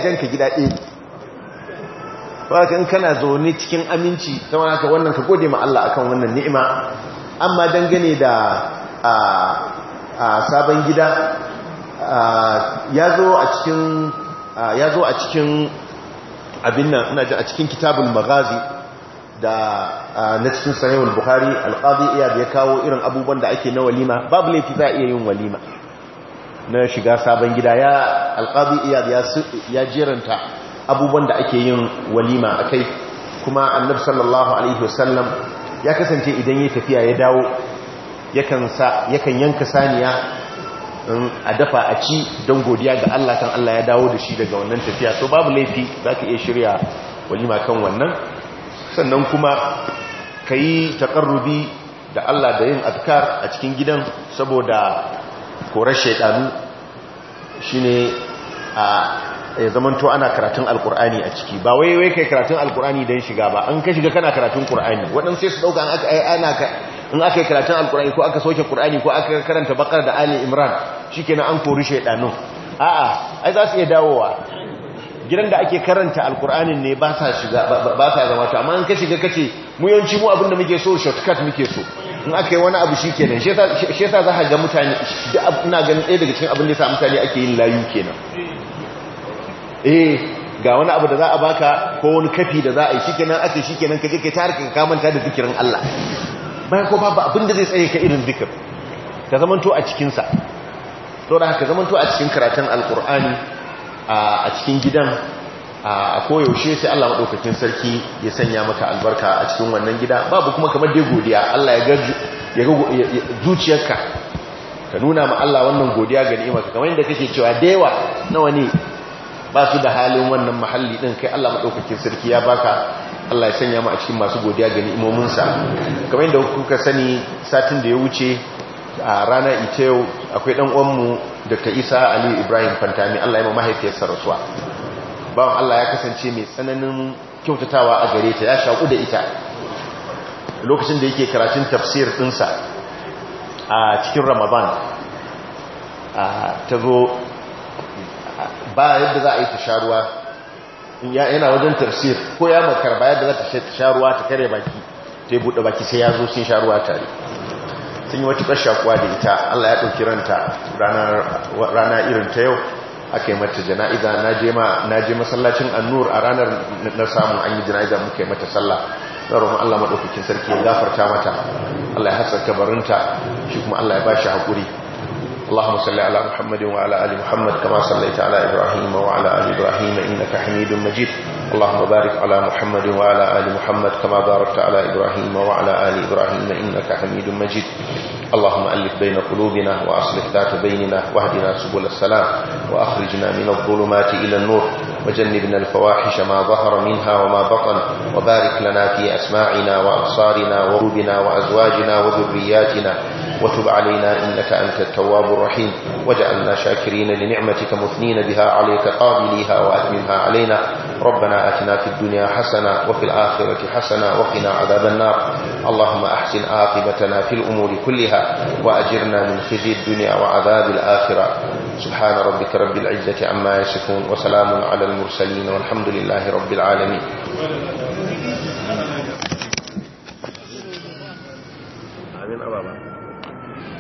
kan kana zaune cikin aminci kuma haka wannan ka gode ma Allah akan wannan ni'ima amma dangane da sabon gida ya zo a cikin a abin nan ina a cikin kitabul magazi da na cikin sanayar buhari alƙadi iya da ya kawo irin abubuwan da ake na walima babu laifi za a iya yin walima na shiga sabon gida ya alƙadi iya da ya jeranta abubuwan da ake yin walima a kai kuma annabi sallallahu alaihi wasallam ya kasance idan ya tafiya ya dawo ya kan yanka saniya um, a dafa a ci don godiya ga Allah kan Allah ya dawo da shi daga wannan tafiya so babu laifi za ka iya shirya walima kan wannan sannan kuma ka yi takarrubi da Allah da yin adkar a cikin gidan saboda korar shaidanu shi ne a ya zama to ana karatun alkur'ani a ciki ba wai wai kai karatun alkur'ani don shiga ba an ka shiga kana karatun kur'ani waɗansu sai su ɗauka in aka yi karatun alkur'ani ko aka soke kur'ani ko aka karanta bakar da ali imran shi kenan an kori shaidanun a'a ai za su iya dawowa gidan da ake karanta alkur'ani ne ba sa shiga ba sa zama ta amma an ka shiga kace mu yanci mu abinda muke so shortcut muke so in aka yi wani abu shi shikenan shi yasa za ka ga mutane ina ganin ɗaya daga cikin abin da sa mutane ake yin layu kenan eh ga wani abu da za a baka ko wani kafi da za a yi kenan ake shikenan ka je kai ka manta da zikirin Allah bayan ko babu abin da zai tsaye ka irin zikir ka zamanto a cikin sa to da haka zamanto a cikin karatun alkur'ani a cikin gidan a koyaushe sai Allah maɗaukakin sarki ya sanya maka albarka a cikin wannan gida babu kuma kamar dai godiya Allah ya ga zuciyarka ka nuna ma Allah wannan godiya ga ni'imarka kamar yadda kake cewa da yawa nawa ne ba su da halin wannan mahalli din kai Allah madaukakin sarki ya baka Allah ya sanya mu a cikin masu godiya ga sa kamar yadda kuka sani satin da ya wuce a rana ita yau akwai dan uwanmu Dr. Isa Ali Ibrahim Fantami Allah ya ma mahaifiyarsa rasuwa bawan Allah ya kasance mai tsananin kyautatawa a gare ta ya shaku da ita lokacin da yake karatun tafsir ɗinsa a cikin Ramadan ta zo ba yadda za a yi ta yana wajen tafsir ko ya makar ba yadda za ta sha ruwa ta kare baki ta yi buɗe baki sai ya zo sun sharuwa tare sun yi wata ƙashakuwa da ita allah ya ɗauki ranta rana irin ta yau aka yi mata jana'iza na je masallacin annur a ranar na samun an yi jana'iza muka yi mata sallah na roman allah maɗaukakin sarki ya gafarta mata allah ya hatsar kabarinta shi kuma allah ya ba shi haƙuri اللهم صل على محمد وعلى آل محمد كما صليت على إبراهيم وعلى آل إبراهيم إنك حميد مجيد اللهم بارك على محمد وعلى آل محمد كما باركت على إبراهيم وعلى آل إبراهيم إنك حميد مجيد اللهم ألف بين قلوبنا وأصلح ذات بيننا واهدنا سبل السلام وأخرجنا من الظلمات إلى النور وجنبنا الفواحش ما ظهر منها وما بطن وبارك لنا في أسماعنا وأبصارنا وروبنا وأزواجنا وذرياتنا وتب علينا إنك أنت التواب الرحيم وجعلنا شاكرين لنعمتك مثنين بها عليك قابليها وأتممها علينا ربنا أتنا في الدنيا حسنة وفي الآخرة حسنة وقنا عذاب النار اللهم أحسن عاقبتنا في الأمور كلها وأجرنا من خزي الدنيا وعذاب الآخرة سبحان ربك رب العزة عما يصفون وسلام على المرسلين والحمد لله رب العالمين Amin ababa.